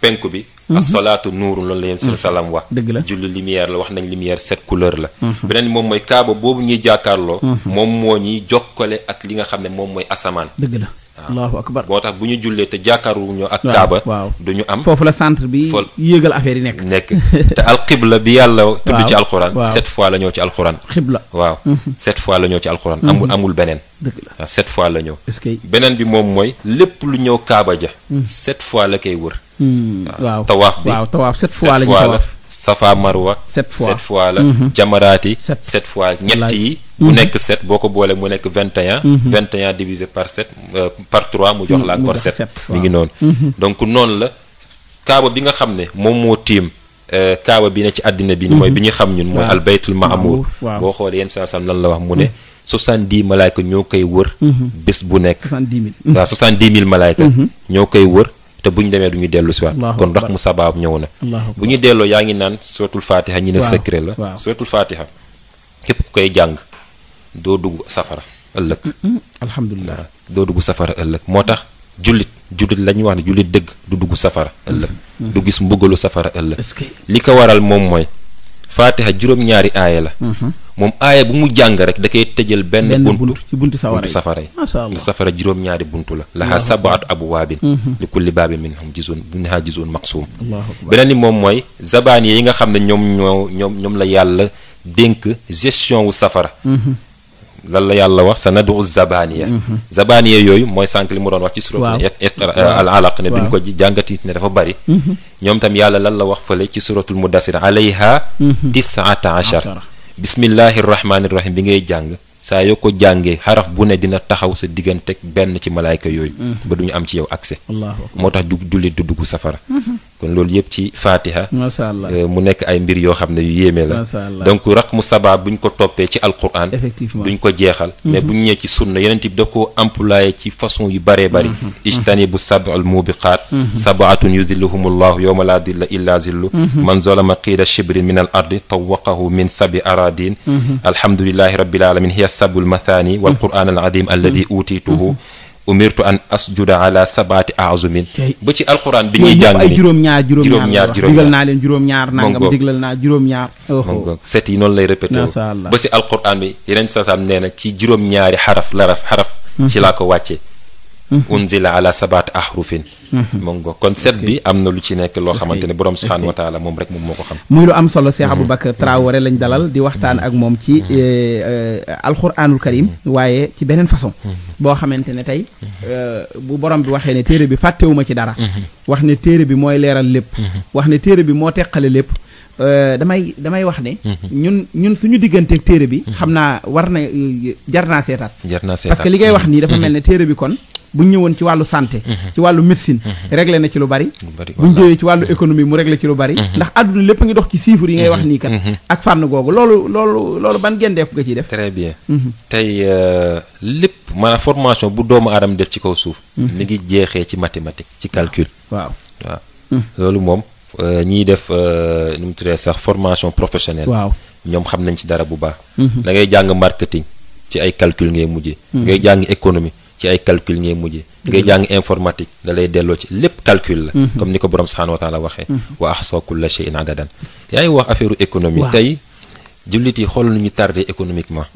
penku bi. Mhm. asalaatu nuurun loolu la yéen sala salaam wax dëgg la julli lumière la wax nañ lumière sept couleur la mhm. beneen moom mooy kaaba boobu ñuy jàkkaarloo mhm. moom moo ñuy jokkale ak li nga xam ne moom mooy asamaan dëgg la allahu boo tax bu ñu jullee te jàkkaaruñu ak kaaba waaw du ñu am foofu la centre bi yéegal affaire yi nekk nekk te alxibla bi yàlla <laughs> tudd ci alquran sept fois la ñoo ci alquran xibla waaw sept fois la ñoo ci alquran amul amul beneen dëgg ah, fois la ñëw. est que beneen bi moom mooy. lépp lu ñëw Kaaba ja. Hmm. sept fois la koy wër. Hmm. Ah, waaw tawaaf bi waaw tawaaf sept fois la ñu tawaaf Safa Marwa. sept fois sept fois la. Hmm. jamaraat yi. fois ñett yi. mu nekk sept boo ko boolee mu nekk vingt et un. vingt et divisé par sept euh, par trois mu jox la encore sept. mi ngi noonu. donc noonu la Kaaba bi nga xam ne moom moo tiim. Euh, kaaba bi ne ci àddina bi. mooy bi ñu xam ñun mooy. albaytul maamuur boo xoolee yenn saa sam lan la wax mu ne. soixante di malaayka ñoo koy wër mhm. bés bu nekk waaw soixante-dix mille malaayka mhm. ñoo koy wër te bu ñu demee du ñu dellu si waat kon rax mu sabaab ñëw na bu ñu delloo yaa ngi naan suratul fatiha ñi ne secret la suratul fatiha képp koy jàng doo dugg safara ëllëg mm, mm, alhamdulilah doo dugg safara ëllëg moo tax jullit jullit la ñu wax ne jullit dëgg du dugg safara ëllëg mm, du gis mbugalu safara ëllëg li ko waral moom mooy fatiha juróom-ñaari aaya la mm-hmm. moom aaya bu mu jàng rek da koy tëjal benn. benn buntu ci buntu safara yi buntu safara juróom-ñaari buntu la. laha sabaatu abwaabin mhm. li kulli baabin minhum juzun minha juzun maqsum beneen bi moom mooy zabaan yi nga xam ne ñoom ñoo ñoom ñoom la yàlla dénk gestion wu safara. Mhm. lan la yàlla wax sa nadu zabaniya zabaniya mhm. yooyu mooy sànq li mu doon wax ci surat al alaq ne duñ ko jàngati ne dafa bari ñoom tam yàlla lan la wax fële ci mu suratul mudassir alayha tisata achar bismillahi rahmaani rahim bi ngay jàng saa yoo ko jàngee xaraf bu ne dina taxaw sa digganteeg benn ci malaayka yooyu. Mm-hmm. ba duñu am ci yow accès. moo tax du jullit du dugg safara. Mm-hmm. kon loolu yëpp ci fatiha macha allah euh, mu nekk ay mbir yoo xam ne yu yéeme la donc raqmu sabaa buñ ko toppee ci alquran effectivement duñ ko jeexal mhm. mais buñ ñëwee ci sunna yeneen bi da koo employé ci façon yu bëree bëri mhm. mhm. ijtani bu sabal mubiqaat sabaatun yuzilluhum allahu yowma laa dilla illa zillu man zolama qiida shibrin min al ardi tawaqahu min sabi aradin alhamdulilahi rabbil alamin hiya sabul mathani wal quran al adim alladi utituhu umirtu an asjuda ala sabati azumin ba ci alxuraan bi ñuy jàng ay juróom-ñaar juróom-ñaar digal naa leen juróom-ñaar nangam digal naa juróom-ñaar oh. set yi noonu lay répété ba ci alxuraan bi yeneen saasam nee na ci juróom-ñaari xaraf laraf xaraf mm-hmm. ci laa ko wàcce unzila ala sabaat ahrufin moom nga kon set bi am na lu ci nekk loo xamante ne borom subhaanahu wa taala moom rek moom moo ko xam muy lu am solo Cheikh mhm. Aboubacar mhm. Traoré lañ dalal di waxtaan mhm. ak moom ci eh, alxuraanul karim waaye ci beneen façon boo xamante ne tey eh, bu borom bi waxee ne téere bi fàttewuma ci dara wax ne téere bi mooy leeral lépp wax ne téere bi moo teqale lépp eh, damay damay wax ne ñun ñun suñu digganteeg téere bi xam naa war na jar naa seetaat parce que li ngay wax nii dafa mel ne téere bi kon bu ñëwoon ci wàllu santé mhm. ci wàllu médecine mhm. réglé na ci lu bari bu ñu jëwee ci wàllu mhm. économie mu réglé ci lu bari ndax àdduna lépp a ngi dox ci chiffres yi ngay wax nii kat ak fànn googu loolu loolu loolu ban gendeeku nga ciy def très bien tey euh, lépp maanaam formation bu doomu aadama def ci kaw suuf mi ngi jeexee ci mathématique ci calcul waaw waaw loolu moom euh, ñiy def euh, nu mu tuddee sax formation professionnel waaw ñoom xam nañ ci dara bu baax da ngay jàng marketing ci ay calcul ngay mujjee ngay jàng économie ci ay calcul ngay mujje ngay mm-hmm. jàng informatique da lay delloo ci lépp calcul la mm-hmm. comme ni ko borom subhaanahu wa taala waxee mm-hmm. wa ahsa kulla shay'in adadan yaa wax affaire économie tey jullit yi xool ñu tardé économiquement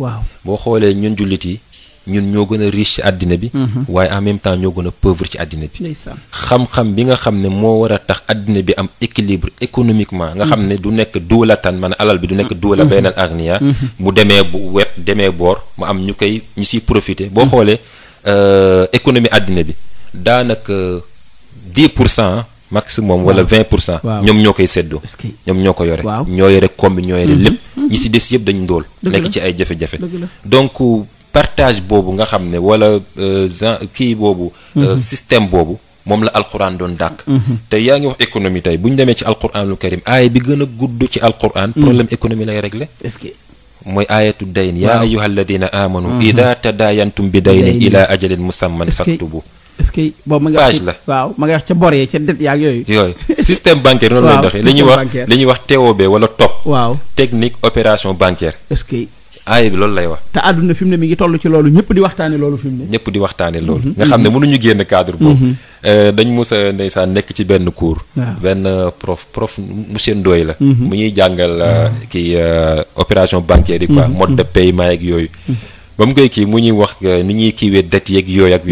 boo xoolee ñun jullit yi ñun ñoo gën a riche ci àddina bi waaye en même temps ñoo gën a pauvre ci àddina bi xam-xam bi nga xam ne moo war a tax àddina bi am équilibre économiquement nga xam ne du nekk duulatan man alal bi du nekk duula baynal agniya mu demee wet demee boor mu boo xoolee Euh, économie àddina bi daanaka 10 pour cent maximum wala 20 pour cent. ñoom ñoo koy séddoo. ñoom ñoo ko yore. ñoo yore koom ñoo yore mm-hmm. lépp. Mm-hmm. ñi si des yëpp dañu dool nekk ci ay jafe-jafe. donc partage boobu nga xam ne wala euh, kii boobu. Euh, mm-hmm. système boobu. moom la alquran doon dàkk te yaa ngi wax économie tey bu ñu demee ci alquranul karim aay bi gën a gudd ci alquran problème économie lay réglé mooy aayatu dayn yaa ayyuha alladina amanu mhm. ida tadaayantum bi daynin ila ajalin musamman faktubu est-ce que boobu ma nga page la waaw ma nga wax ca bor yee ca det yaag yooyu yooyu système bancaire noonu lay <laughs> doxee li ñuy wax li ñuy wax TOB wala top waaw technique opération bancaire aaya bi loolu lay wax te àdduna fi mu ne mi ngi toll ci loolu ñëpp di waxtaane loolu ñëpp di waxtaane mhm. nga xam ne mhm. mënuñu génn cadre boobu mhm. euh, dañ mos a ndeysaan nekk ci benn cours benn prof prof monsieur Ndoye la mu ñuy jàngal euh, kii euh, opération bancaire yi quoi mode de paiement yeeg yooyu ba mu koy kii mu ñuy wax ni ñuy kiiwee dette yeeg yooyu ak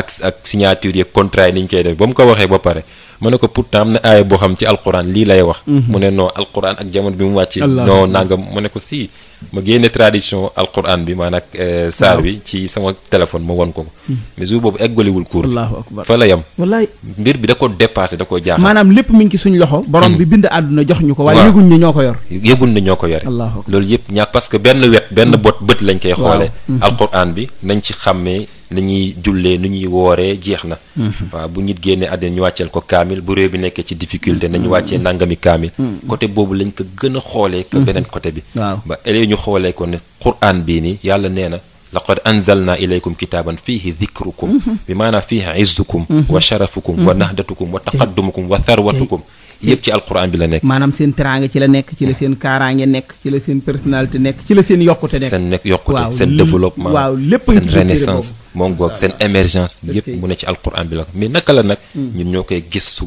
ak ak signature yeeg contrat yi ni ñu koy def ba mu ko waxee ba pare ma ne ko pourtant am na aaya boo xam ci alquran lii lay wax mhm. mu ne non alquran ak jamono bi mu wàccee non nangam ma ne ko si ma génne tradition alquran bi maanaam euh, saar bi ci sama téléphone ma won ko mhm. mais jour boobu eggaliwul cours allahu fa la yem wallaay mbir bi da ko dépassé da ko jaaxal maanaam lépp mi ngi ci suñ loxo borom bi mhm. bind àdduna jox ñu ko waaye yëguñ ni ñoo ko yor yëguñ ni ñoo ko yor loolu yëpp ñaak parce que benn wet benn bot bët lañ koy xoole alquran bi nañ ci xàmmee ni ñuy jullee nu ñuy wooree jeex na mm-hmm. waaw bu nit génnee àddina ñu wàcceel ko kaamil bu réew bi nekkee ci difficulté nañu mm-hmm. wàccee nangami kaamil mm-hmm. côté boobu lañ ko gën a xoolee que beneen côté bi ba élég ñu xoolee ko ne quraan bii nii yàlla nee na laqad anzalna ilaykum kitaaban fiihi dikrukum bi maanaam fiihi izzukum wa sharafukum wa nahdatukum wa taqaddumukum wa tharwatukum yépp ci al alquran bi la nekk maanaam seen teraanga ci la nekk ci la seen kaaraange nekk ci la seen personnalité nekk ci la seen yokkute nekk seen nekk yokkute seen développement waaw lépp seen renaissance moom goog seen émergence yëpp mu ne ci alquran bi la mais naka la nag hmm. ñun ñoo koy gisu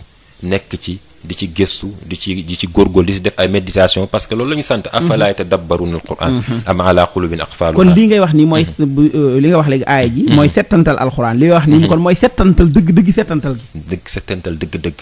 nekk ci di ci gëstu di ci di ci góorgóorlu di ci def ay méditation parce que loolu la ñu sant mhm. afalaa yatadabbaruna alquran mhm. am ala qulubin aqfaluha kon lii ngay wax ni mooy mhm. euh, li nga wax léegi aaya mooy setantal alquran li wax ni kon mooy settantal dëgg dëgg settantal gi dëgg dëgg-dëgg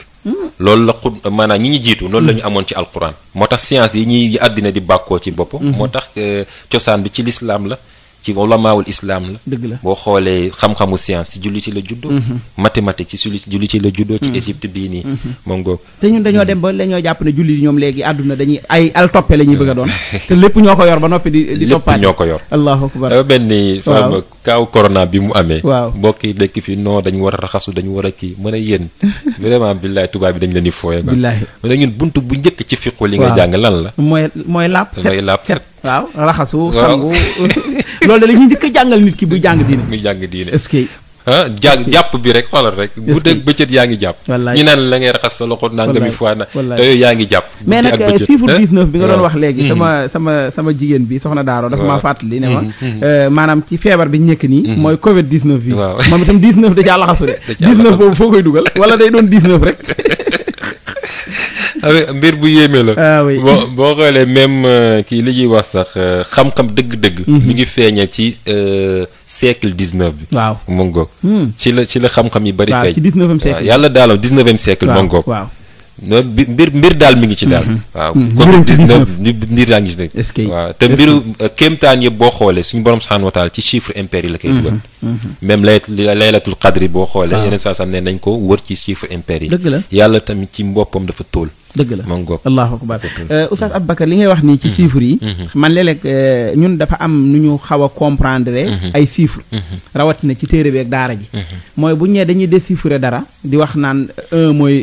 loolu la xu maanaam ñi ñu jiitu loolu la ñu amoon ci alquran moo tax science yi ñuy àddina di bàkkoo ci bopp moo tax euh, cosaan bi ci lislaam la ci ulamaawul islaam la. dëgg la boo xoolee xam-xamu science ci julliti la juddoo. Mm-hmm. mathématique ci julliti la juddoo. ci mm-hmm. Égypte bii nii. Mm-hmm. moom te ñun dañoo dem ba dañoo jàpp ne yi ñoom léegi àdduna dañuy ay al toppe la ñuy bëgg a doon. <laughs> te lépp ñoo ko yor ba noppi di di ñoo ko yor. allahu akbar dafa kaaw corona bi mu amee. waaw mbokk yi dëkk fi non dañu war a raxasu dañu war a kii mën a yéen. <laughs> vraiment billaay tubaab bi dañ leen di fooyee. billaay ñun bunt bu njëkk ci fiqu li nga jàng lan la mooy mooy laab set waaw raxasu sangu <laughs> loolu da la ñuy njëkk jàngal nit ki buy jàng diine muy jàng diine est-ce que jàng jàpp bi rek xoolal rek guddeeg bëccët yaa ngi jàpp ñu naan la ngay raxas sa loxo nangami fois yaa ngi jàpp mais nag chiffre 19 bi nga doon wax léegi hmm. sama sama sama jigéen bi soxna Daaro dafa maa fàttali ne ma hmm, hmm, euh, maanaam ci feebar bi ñu nekk nii mooy covid 19 bi moom itam 19 da caa laxasu de 19 <laughs> boobu foo koy dugal wala day doon 19 rek <laughs> avec mbir bu yéemee la. ah boo boo xoolee même euh, kii li ñuy wax sax euh, xam-xam dëgg-dëgg. mu mhm. ngi feeña ci euh, siècle dix-neuf bi. waaw mu hmm. ci la ci la xam-xam yi bari. feeñ ci dix-neuvième siècle yàlla daal dix-neuvième siècle. waaw mu mbir mbir daal mi ngi ci daal. Mhm. waaw hmm. Covid 19 mbir daa ngi ci nekk. est-ce que te mbiru kéemtaan yëpp boo xoolee suñu borom subhaanahu wa ci chiffre impair yi la koy dugal. Mhm. même lay laylatul qadri boo xoolee. yeneen saa sax ne nañ ko wër ci chiffre impair la yàlla tamit ci mboppam dafa tóol. dëgg la allahu akbar euh, oustaz Aboubacar li ngay wax nii ci mhm. chiffres yi mhm. man léeg euh, ñun dafa am nu ñu xaw a comprendre mhm. ay chiffres rawatina ci téere beeg daara ji mooy bu ñee dañuy déchiffrer dara di wax naan euh, un mooy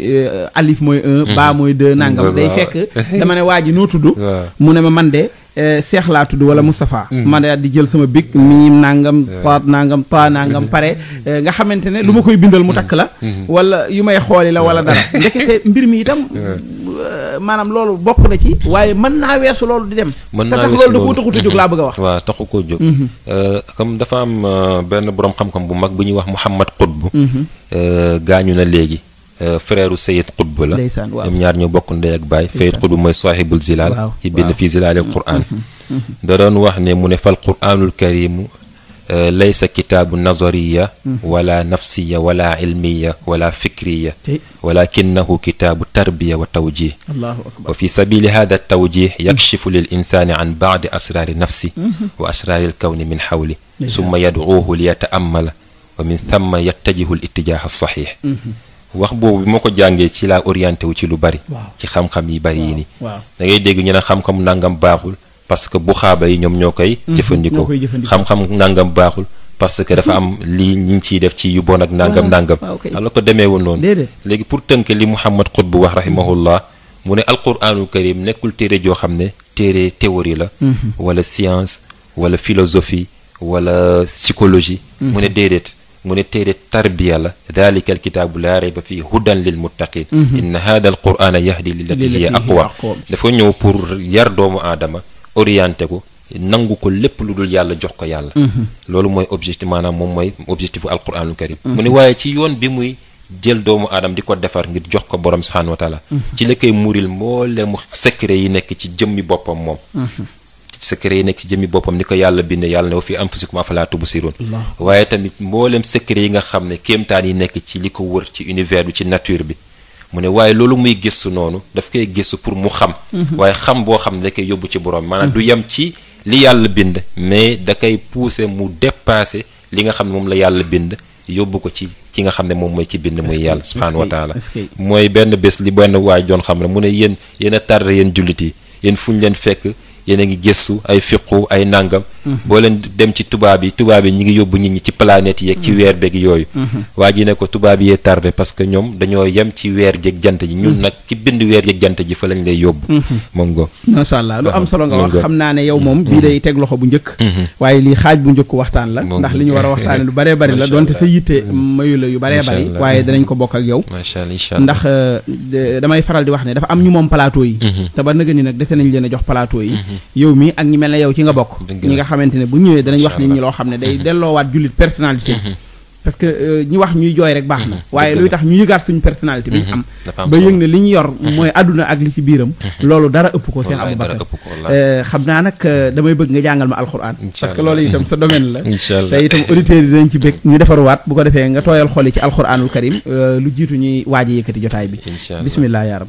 alif mooy un ba mooy deux nangam day fekk <laughs> dama ne waa noo tudd mu ne ma man de seex eh, laa tudd wala mm. Moustapha mm. man daal di jël sama bic miim nangam soit eh. nangam toi nangam <laughs> pare eh, nga xamante ne lu ma koy bindal mu takk la mm. wala yu may xooli la wala <laughs> dara ndekete mbir mi itam maanaam loolu bokk na ci waaye mën naa weesu loolu di dem mën naa weesu loolu da ko taxut a jóg laa bëgg a wax waaw taxu koo jóg mm-hmm. comme dafa am benn boroom xam-xam bu mag bu ñuy wax mu Mouhamad Qutb mm-hmm. gaañu na léegi Euh, frère Sayyid Qutb la ñoom ñaar ñoo bokk ndey ak baay Sayyid Qutb mooy saaxibul zilaal ci bind fii zilaalil quraan mm-hmm, mm-hmm. da doon wax ne mu ne fal quraanul karimu euh, laysa kitaabu nazariya mm-hmm. wala nafsiya wala ilmiya wala fikriya walakinahu kitaabu tarbiya wa tawjih wa fi sabili hada tawjih yakshifu lil insaani an baadi asraari nafsi wa asraari alkawni min xawli summa yadcuuhu li yataamala wa min thamma yattajihu al ittijaaha alsaxiix wax boobu bi ma ko jàngee ci laa orienté wu ci lu bari. ci xam-xam yi bari yi ni da ngay dégg ñu ne xam-xam nangam baaxul parce que bu xaaba yi ñoom ñoo koy. Mhm. jëfandikoo xam-xam nangam baaxul. parce que dafa am mhm. lii ñu ngi ciy def ci yu bon ak nangam ah. nangam. Ah, la ko demee woon noonu. léegi pour tënk li Mouhamad Qutb wax rahimahullah mu ne alquraanul karim nekkul téere joo xam ne téere théorie la. Mhm. wala science wala philosophie wala psychologie. mu ne déedéet. mu ne téere tarbiya la dalika alkitaabu laa ba fii hudan lil muttaqin mhm. inna hada al qurana yahdi lillati hiya aqwa dafa ñëw pour yar doomu aadama orienté ko nangu ko lépp lu dul yàlla jox ko yàlla mhm. loolu mooy objectif maanaam moom mooy objectif bu alquranul karim mhm. mu ne waaye ci yoon bi muy jël doomu aadama di ko defar ngir jox ko borom subhanahu wa ci la koy muuril mboole mu secret yi nekk ci jëmmi boppam moom secret yi nekk ci jëmmi boppam ni ko yàlla bindee yàlla ne wa fi anfusikum afalaa tubsiruun waaye tamit mboolem secret yi nga xam ne kéemtaan yi nekk ci li ko wër ci univers bi ci nature bi mu ne waaye loolu muy gëstu noonu daf koy gëstu pour mu xam mhm. waaye xam boo xam ne da koy yóbbu ci boroom maanaam du mhm. yem ci li yàlla bind mais da koy pousser mu dépasser li nga xam ne moom la yàlla bind yóbbu ko ci ki nga xam ne moom mooy ci bind muy yàlla subhaanahu wa taala mooy benn bés li benn waay doon xam ne mu ne yéen yéen a tardé yéen yi yéen yéen a ngi gëstu ay fiqu ay nàngam boo leen dem ci tubaab yi tubaab yi ñu ngi yóbbu nit ñi ci planètes yeeg ci weer beeg yooyu waa ji ne ko tubaab yee tardé parce que ñoom dañoo yem ci weer jeeg jant ji ñun nag ki bind weer jeeg jant ji fa lañ lay yóbbu moom go macha allah lu am solo nga wax xam naa ne yow moom bii day teg loxo bu njëkk mm-hmm. waaye lii xaaj bu njëkk waxtaan la ndax li ñu war a waxtaane lu baree bari la donte sa yitte mm-hmm. mayu la yu baree bari waaye danañ ko bokk ak yow ndax eh, damay faral di wax ne dafa ñu moom plateau yi mm-hmm. te ba nëga ni nag dese nañ leen a jox plateau yow mi ak ñi mel ne yow ci nga bokk ñi nga xamante ne bu ñëwee danañ wax nit ñi loo xam ne day delloowaat jullit personnalité parce que euh, ñu wax ñuy jooy rek baax na waaye luy tax ñu yëgaat suñu personnalité bi am ba yëg ne li ñu yor mooy àdduna ak li ci biiram loolu dara ëpp ko seen Abu Bakar euh, xam naa nag euh, damay bëgg nga jàngal ma alxuraan parce que loolu itam sa domaine la te itam auditeurs yi dinañ ci bëgg ñu defaruwaat bu ko defee nga tooyal xol yi ci a karim lu jiitu ñuy waaji yëkkati jotaay bi bismillah yaaram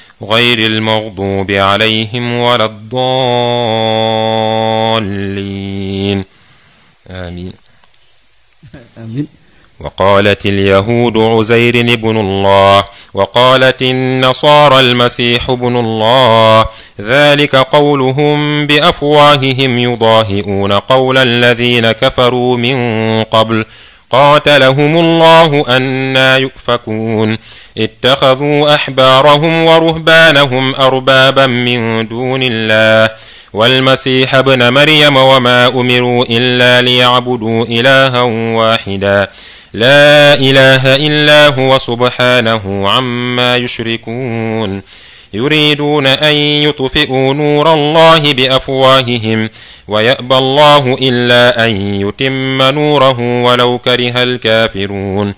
غير المغضوب عليهم ولا الضالين آمين آمين وقالت اليهود عزير ابن الله وقالت النصارى المسيح ابن الله ذلك قولهم بافواههم يضاهئون قول الذين كفروا من قبل قاتلهم الله أنا يؤفكون اتخذوا أحبارهم ورهبانهم أربابا من دون الله والمسيح ابن مريم وما أمروا إلا ليعبدوا إلها واحدا لا إله إلا هو سبحانه عما يشركون يريدون أن يطفئوا نور الله بأفواههم ويأبى الله إلا أن يتم نوره ولو كره الكافرون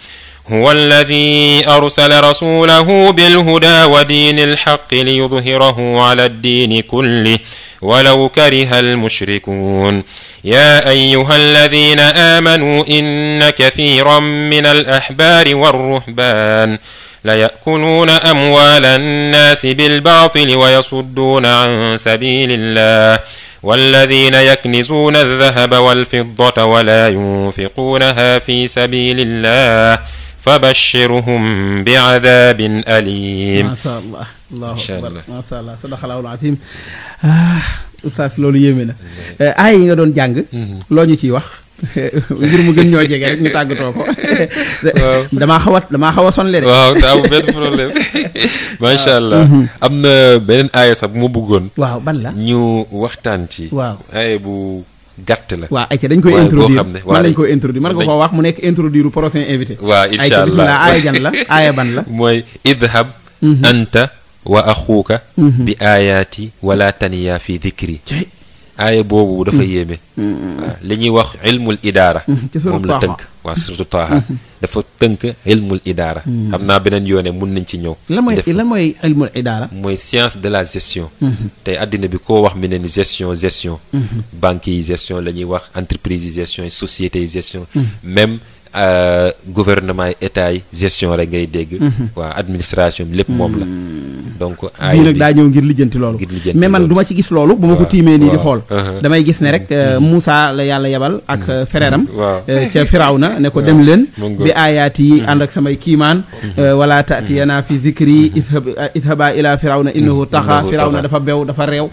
هو الذي أرسل رسوله بالهدى ودين الحق ليظهره على الدين كله ولو كره المشركون يا أيها الذين آمنوا إن كثيرا من الأحبار والرهبان ليأكلون أموال الناس بالباطل ويصدون عن سبيل الله والذين يكنزون الذهب والفضة ولا ينفقونها في سبيل الله فبشرهم بعذاب أليم ما شاء الله الله أكبر ما شاء الله صدق الله العظيم ah oustaz loolu yéeme na ay yi nga doon jàng loo ñu ciy wax <laughs> ngir mu gën ñoo jege rek ñu tàggatoo ko. damaa xaw <laughs> damaa xaw a lee de. waaw daa am benn problème. <laughs> macha allah. Mhm. am na beneen aaya sax bu ma bëggoon. waaw ban la ñu waxtaan ci. waaw aaya bu gàtt la. waaw ayca dañ koy introduire man lañ koy introduire man nga ko wax mu nekk introduire prochain invité. waaw incha allah aaya jan la aaya ban la. mooy idhab. Mhm. anta wa axuuka. Mhm. bi aayaati wala taniya fi dikri. aaya boobu dafa mm. yéeme. li ñuy wax ilmul idaara. moom la tënk waaw surtout taaha dafa tënk ilmul idaara. xam naa beneen yoone mun nañ ci ñëw. lan mooy lan mooy ilmul idaara. mooy science de la gestion. Mm-hmm. tey àddina bi ko wax mi ne ni gestion gestion. Mm-hmm. banques yi gestion la ñuy wax entreprise yi gestion sociétés yi gestion. Mm-hmm. même euh, gouvernement yi état yi gestion rek ngay dégg. waa administration lépp moom la. donc aay bii nag daa ñëw ngir lijjanti man du ma ci gis loolu bu ma ko tiimee nii di xool uh-huh. damay gis ne rek uh-huh. euh, Moussa la yàlla yebal ak uh-huh. euh, frère am euh, ca Firawna ne ko dem leen bi aayaat yi ànd ak samay kiimaan wala taatiyanaa fi zikri idhab idhaba ila Firawna innahu taxa Firawna dafa bew dafa réew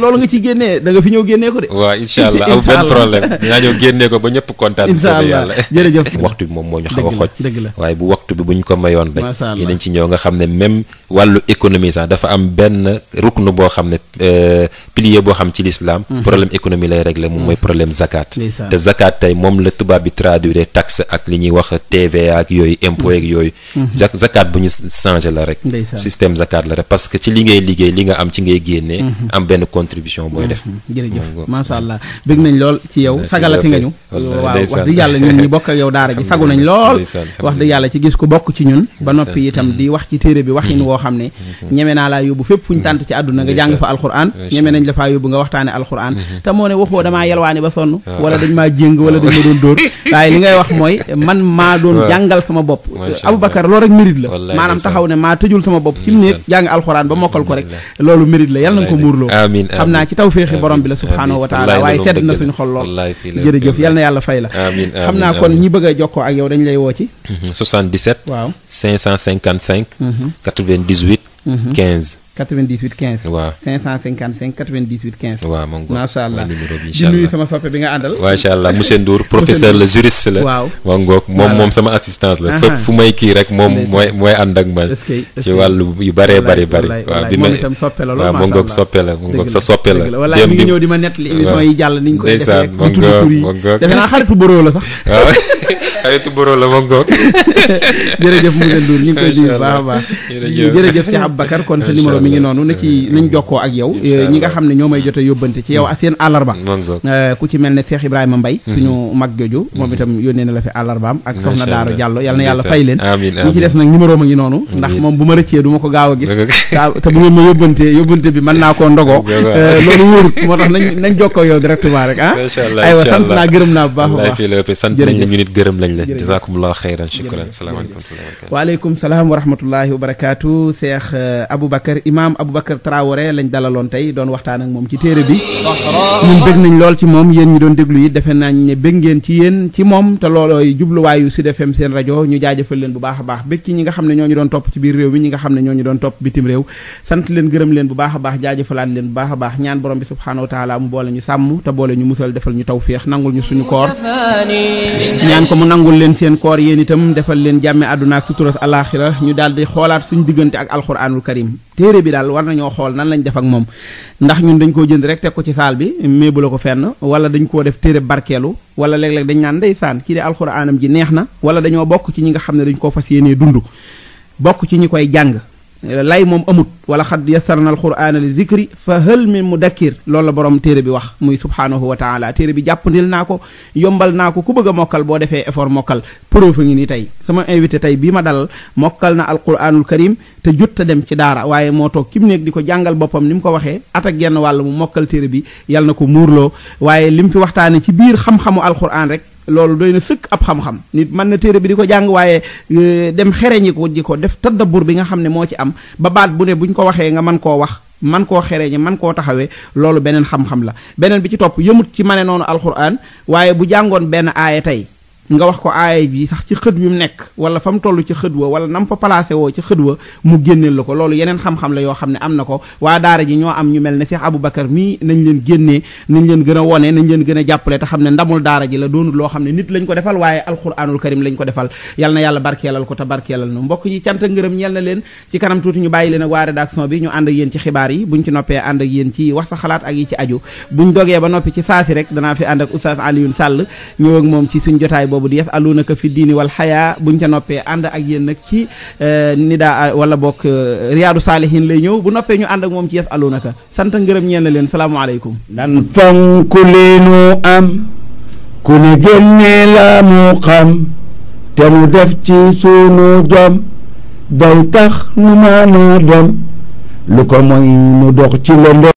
loolu nga ci génnee da nga fi ñëw génnee ko de waaw incha <laughs> allah am benn problème dinaa ñëw génnee ko ba ñëpp kontaan incha allah jërëjëf <laughs> waxtu bi moom moo ñu xaw a xooj waaye bu waxtu bi buñ ko mayoon rek dinañ ci ñëw nga xam ne même wàllu économie sax dafa am benn rukn boo xam ne euh, pilier boo xam ci l'islam mhm. problème économie lay régler moom mooy mhm. problème zakat te zakat tey moom la tubaab bi traduire taxe ak li ñuy wax TVA ak yooyu impôt yooyu mhm. zakat bu ñu changé la rek système zakat la rek parce que ci li ngay liggéey li nga am ci ngay génnee am benn contribution booy def jërëjëf macha allah bëgg nañ lool ci yow sagalati nga ñu waaw wax dëgg yàlla ñun ñi bokk ak yow daara ji sagu nañ lool wax di wax xam ne mhm. ñeme naa laa yóbbu fépp fu ñu mhm. tànt ci àdduna nga jàng fa alxuraan ñeme nañ la yóbbu nga waxtaane alxuraan mhm. te moo ne waxoo damaa yelwaani ba sonn ah. wala dañ maa jéng wala dañ ma doon dóor <laughs> waaye li ngay wax mooy man maa doon ah. jàngal sama bopp Aboubacar loolu loolu mérite la yàlla na nga ko muurloo xam naa ci taw féexi borom bi la subhaanahu wa waaye sedd na suñu xol lool jërëjëf yàlla na yàlla fay la xam naa kon ñi bëgg a jokkoo ak yow dañ lay woo <laughs> 15. 98 15. waaw 555 98 15. waaw moom ngoog macha allah di nuyu sama soppe bi nga la juriste moom ngoog moom moom sama assistance kii rek moom mooy mooy ànd yu bëree bëri bëri. waaw bi ma sa soppe la. walaay mi ma nettali émission yi jàll ni ñu koy defee ak ñu tudd tur yi defe naa xaritu boroo la sax. <laughs> waaw <laughs> jërëjëf monsieur ñu ngi koy nuyu bu baax a baax. jërëjëf Cheikh kon sa numéro mi ngi noonu na ci nañ jokkoo ak yow eh, ñi nga xam ne ñoo eh, mm-hmm. mm-hmm. la fi des nag numéro ma ngi noonu ndax moom bu ma rëccee du ma ko gaaw a gis <laughs> te bu ngeen ma yóbbante yóbbante bi mën naa koo ndogoo eh, loolu wóorut moo tax nañ nañ jokkoo yow directement rek ah aywa sant naa gërëm naa bu baax a la sant nañ la ñu nit gërëm lañ la jazakumullahu xayran salaam wa rahmatullahi wa barakaatu Cheikh Aboubacar imaam Aboubacar Traoré lañ dalaloon tey doon waxtaan ak moom ci téere bi ñun bëgg nañ lool ci moom yéen ñi doon déglu yi defe nañ ne bëgg ngeen ci yéen ci moom te loolooy jubluwaayu Sud FM seen rajo ñu jaajëfal leen bu baax a baax bëgg ci ñi nga xam ne ñoo ñu doon topp ci biir réew mi ñi nga xam ne ñoo ñu doon topp bitim réew sant leen gërëm leen bu baax a baax jaajëfalaat leen bu baax a baax ñaan borom bi subhaanahu wa taala mu boole ñu sàmm te boole ñu ñu tawféex ñu suñu koor ñaan ko mu nangul leen seen koor yéen itam defal leen jàmme àdduna ak suturas alaxira ñu daal di xoolaat suñu diggante ak alxuraanul karim bi daal war nañoo xool nan lañu def ak moom ndax ñun dañ ko jënd rek teg ko ci saal bi méebu la ko fenn wala dañ koo def téere barkeelu wala léeg-léeg dañ naan ndeysaan kii de alxuraanam ji neex na wala dañoo bokk ci ñi nga xam ne dañ koo fas yéenee dund bokk ci ñi koy jàng lay moom amut wala xad yassarna alqurana li zikri fa hal mu mudakkir loolu la borom téere bi wax muy subhanahu wa taala téere bi jàppandil naa ko yombal naa ko ku bëgg a mokkal boo defee effort mokkal preuve ngi ni tey sama invité tey bii ma dalal mokkal na alquranul karim te jot a dem ci daara waaye moo toog kim nekk di ko jàngal boppam ni mu ko waxee at genn wàll mu mokkal téere bi yal na ko muurloo waaye li mu fi waxtaane ci biir xam-xamu alquran rek loolu doy na sëkk ab xam-xam nit mën na téere bi di ko jàng waaye e, dem xereñi ko ji ko def tëddabur bi nga xam ne moo ci am ba baat bu ne buñ ko waxee nga mën koo wax man koo xereñi man koo taxawee loolu beneen xam-xam la beneen bi ci topp yëmut ci mane noonu alxuraan waaye bu jàngoon benn aaya tey nga wax ko aaya bi sax ci xët bi mu nekk wala fa mu toll ci xët wa wala nam fa placé woo ci xët wa mu génneel la ko loolu yeneen xam-xam la yoo xam ne am na ko waa daara ji ñoo am ñu mel ne Cheikh Aboubacar mii nañ leen génnee nañ leen gën a wone nañ leen gën a jàppale te xam ne ndamul daara ji la doonul loo xam ne nit lañ ko defal waaye alquranul karim lañ ko defal yal na yàlla barkeelal ko te barkeelal nu mbokk yi cant ngërëm ñeel na leen kanam tuuti ñu bàyyi leen ak waa rédaction bi ñu ànd ak yéen ci xibaar yi buñ ci noppee ànd ak yéen ci wax ba noppi ci danaa fi ànd ak oustaz Alioune suñ jotaay boobu boobu di yasalunaka fi diini wal xayaa buñ ca noppee ànd ak yéen nag ci eh, nidaa wala bokk eh, riyaadu saalihin lay ñëw bu noppee ñu ànd ak moom ci yasalunaka sant ngërëm ñeen leen salaamaaleykum nan fonku leenu am ku ne génnee la mu xam te mu def ci sunu jom day tax nu maanoo dem lu ko moy nu dox ci lëndëm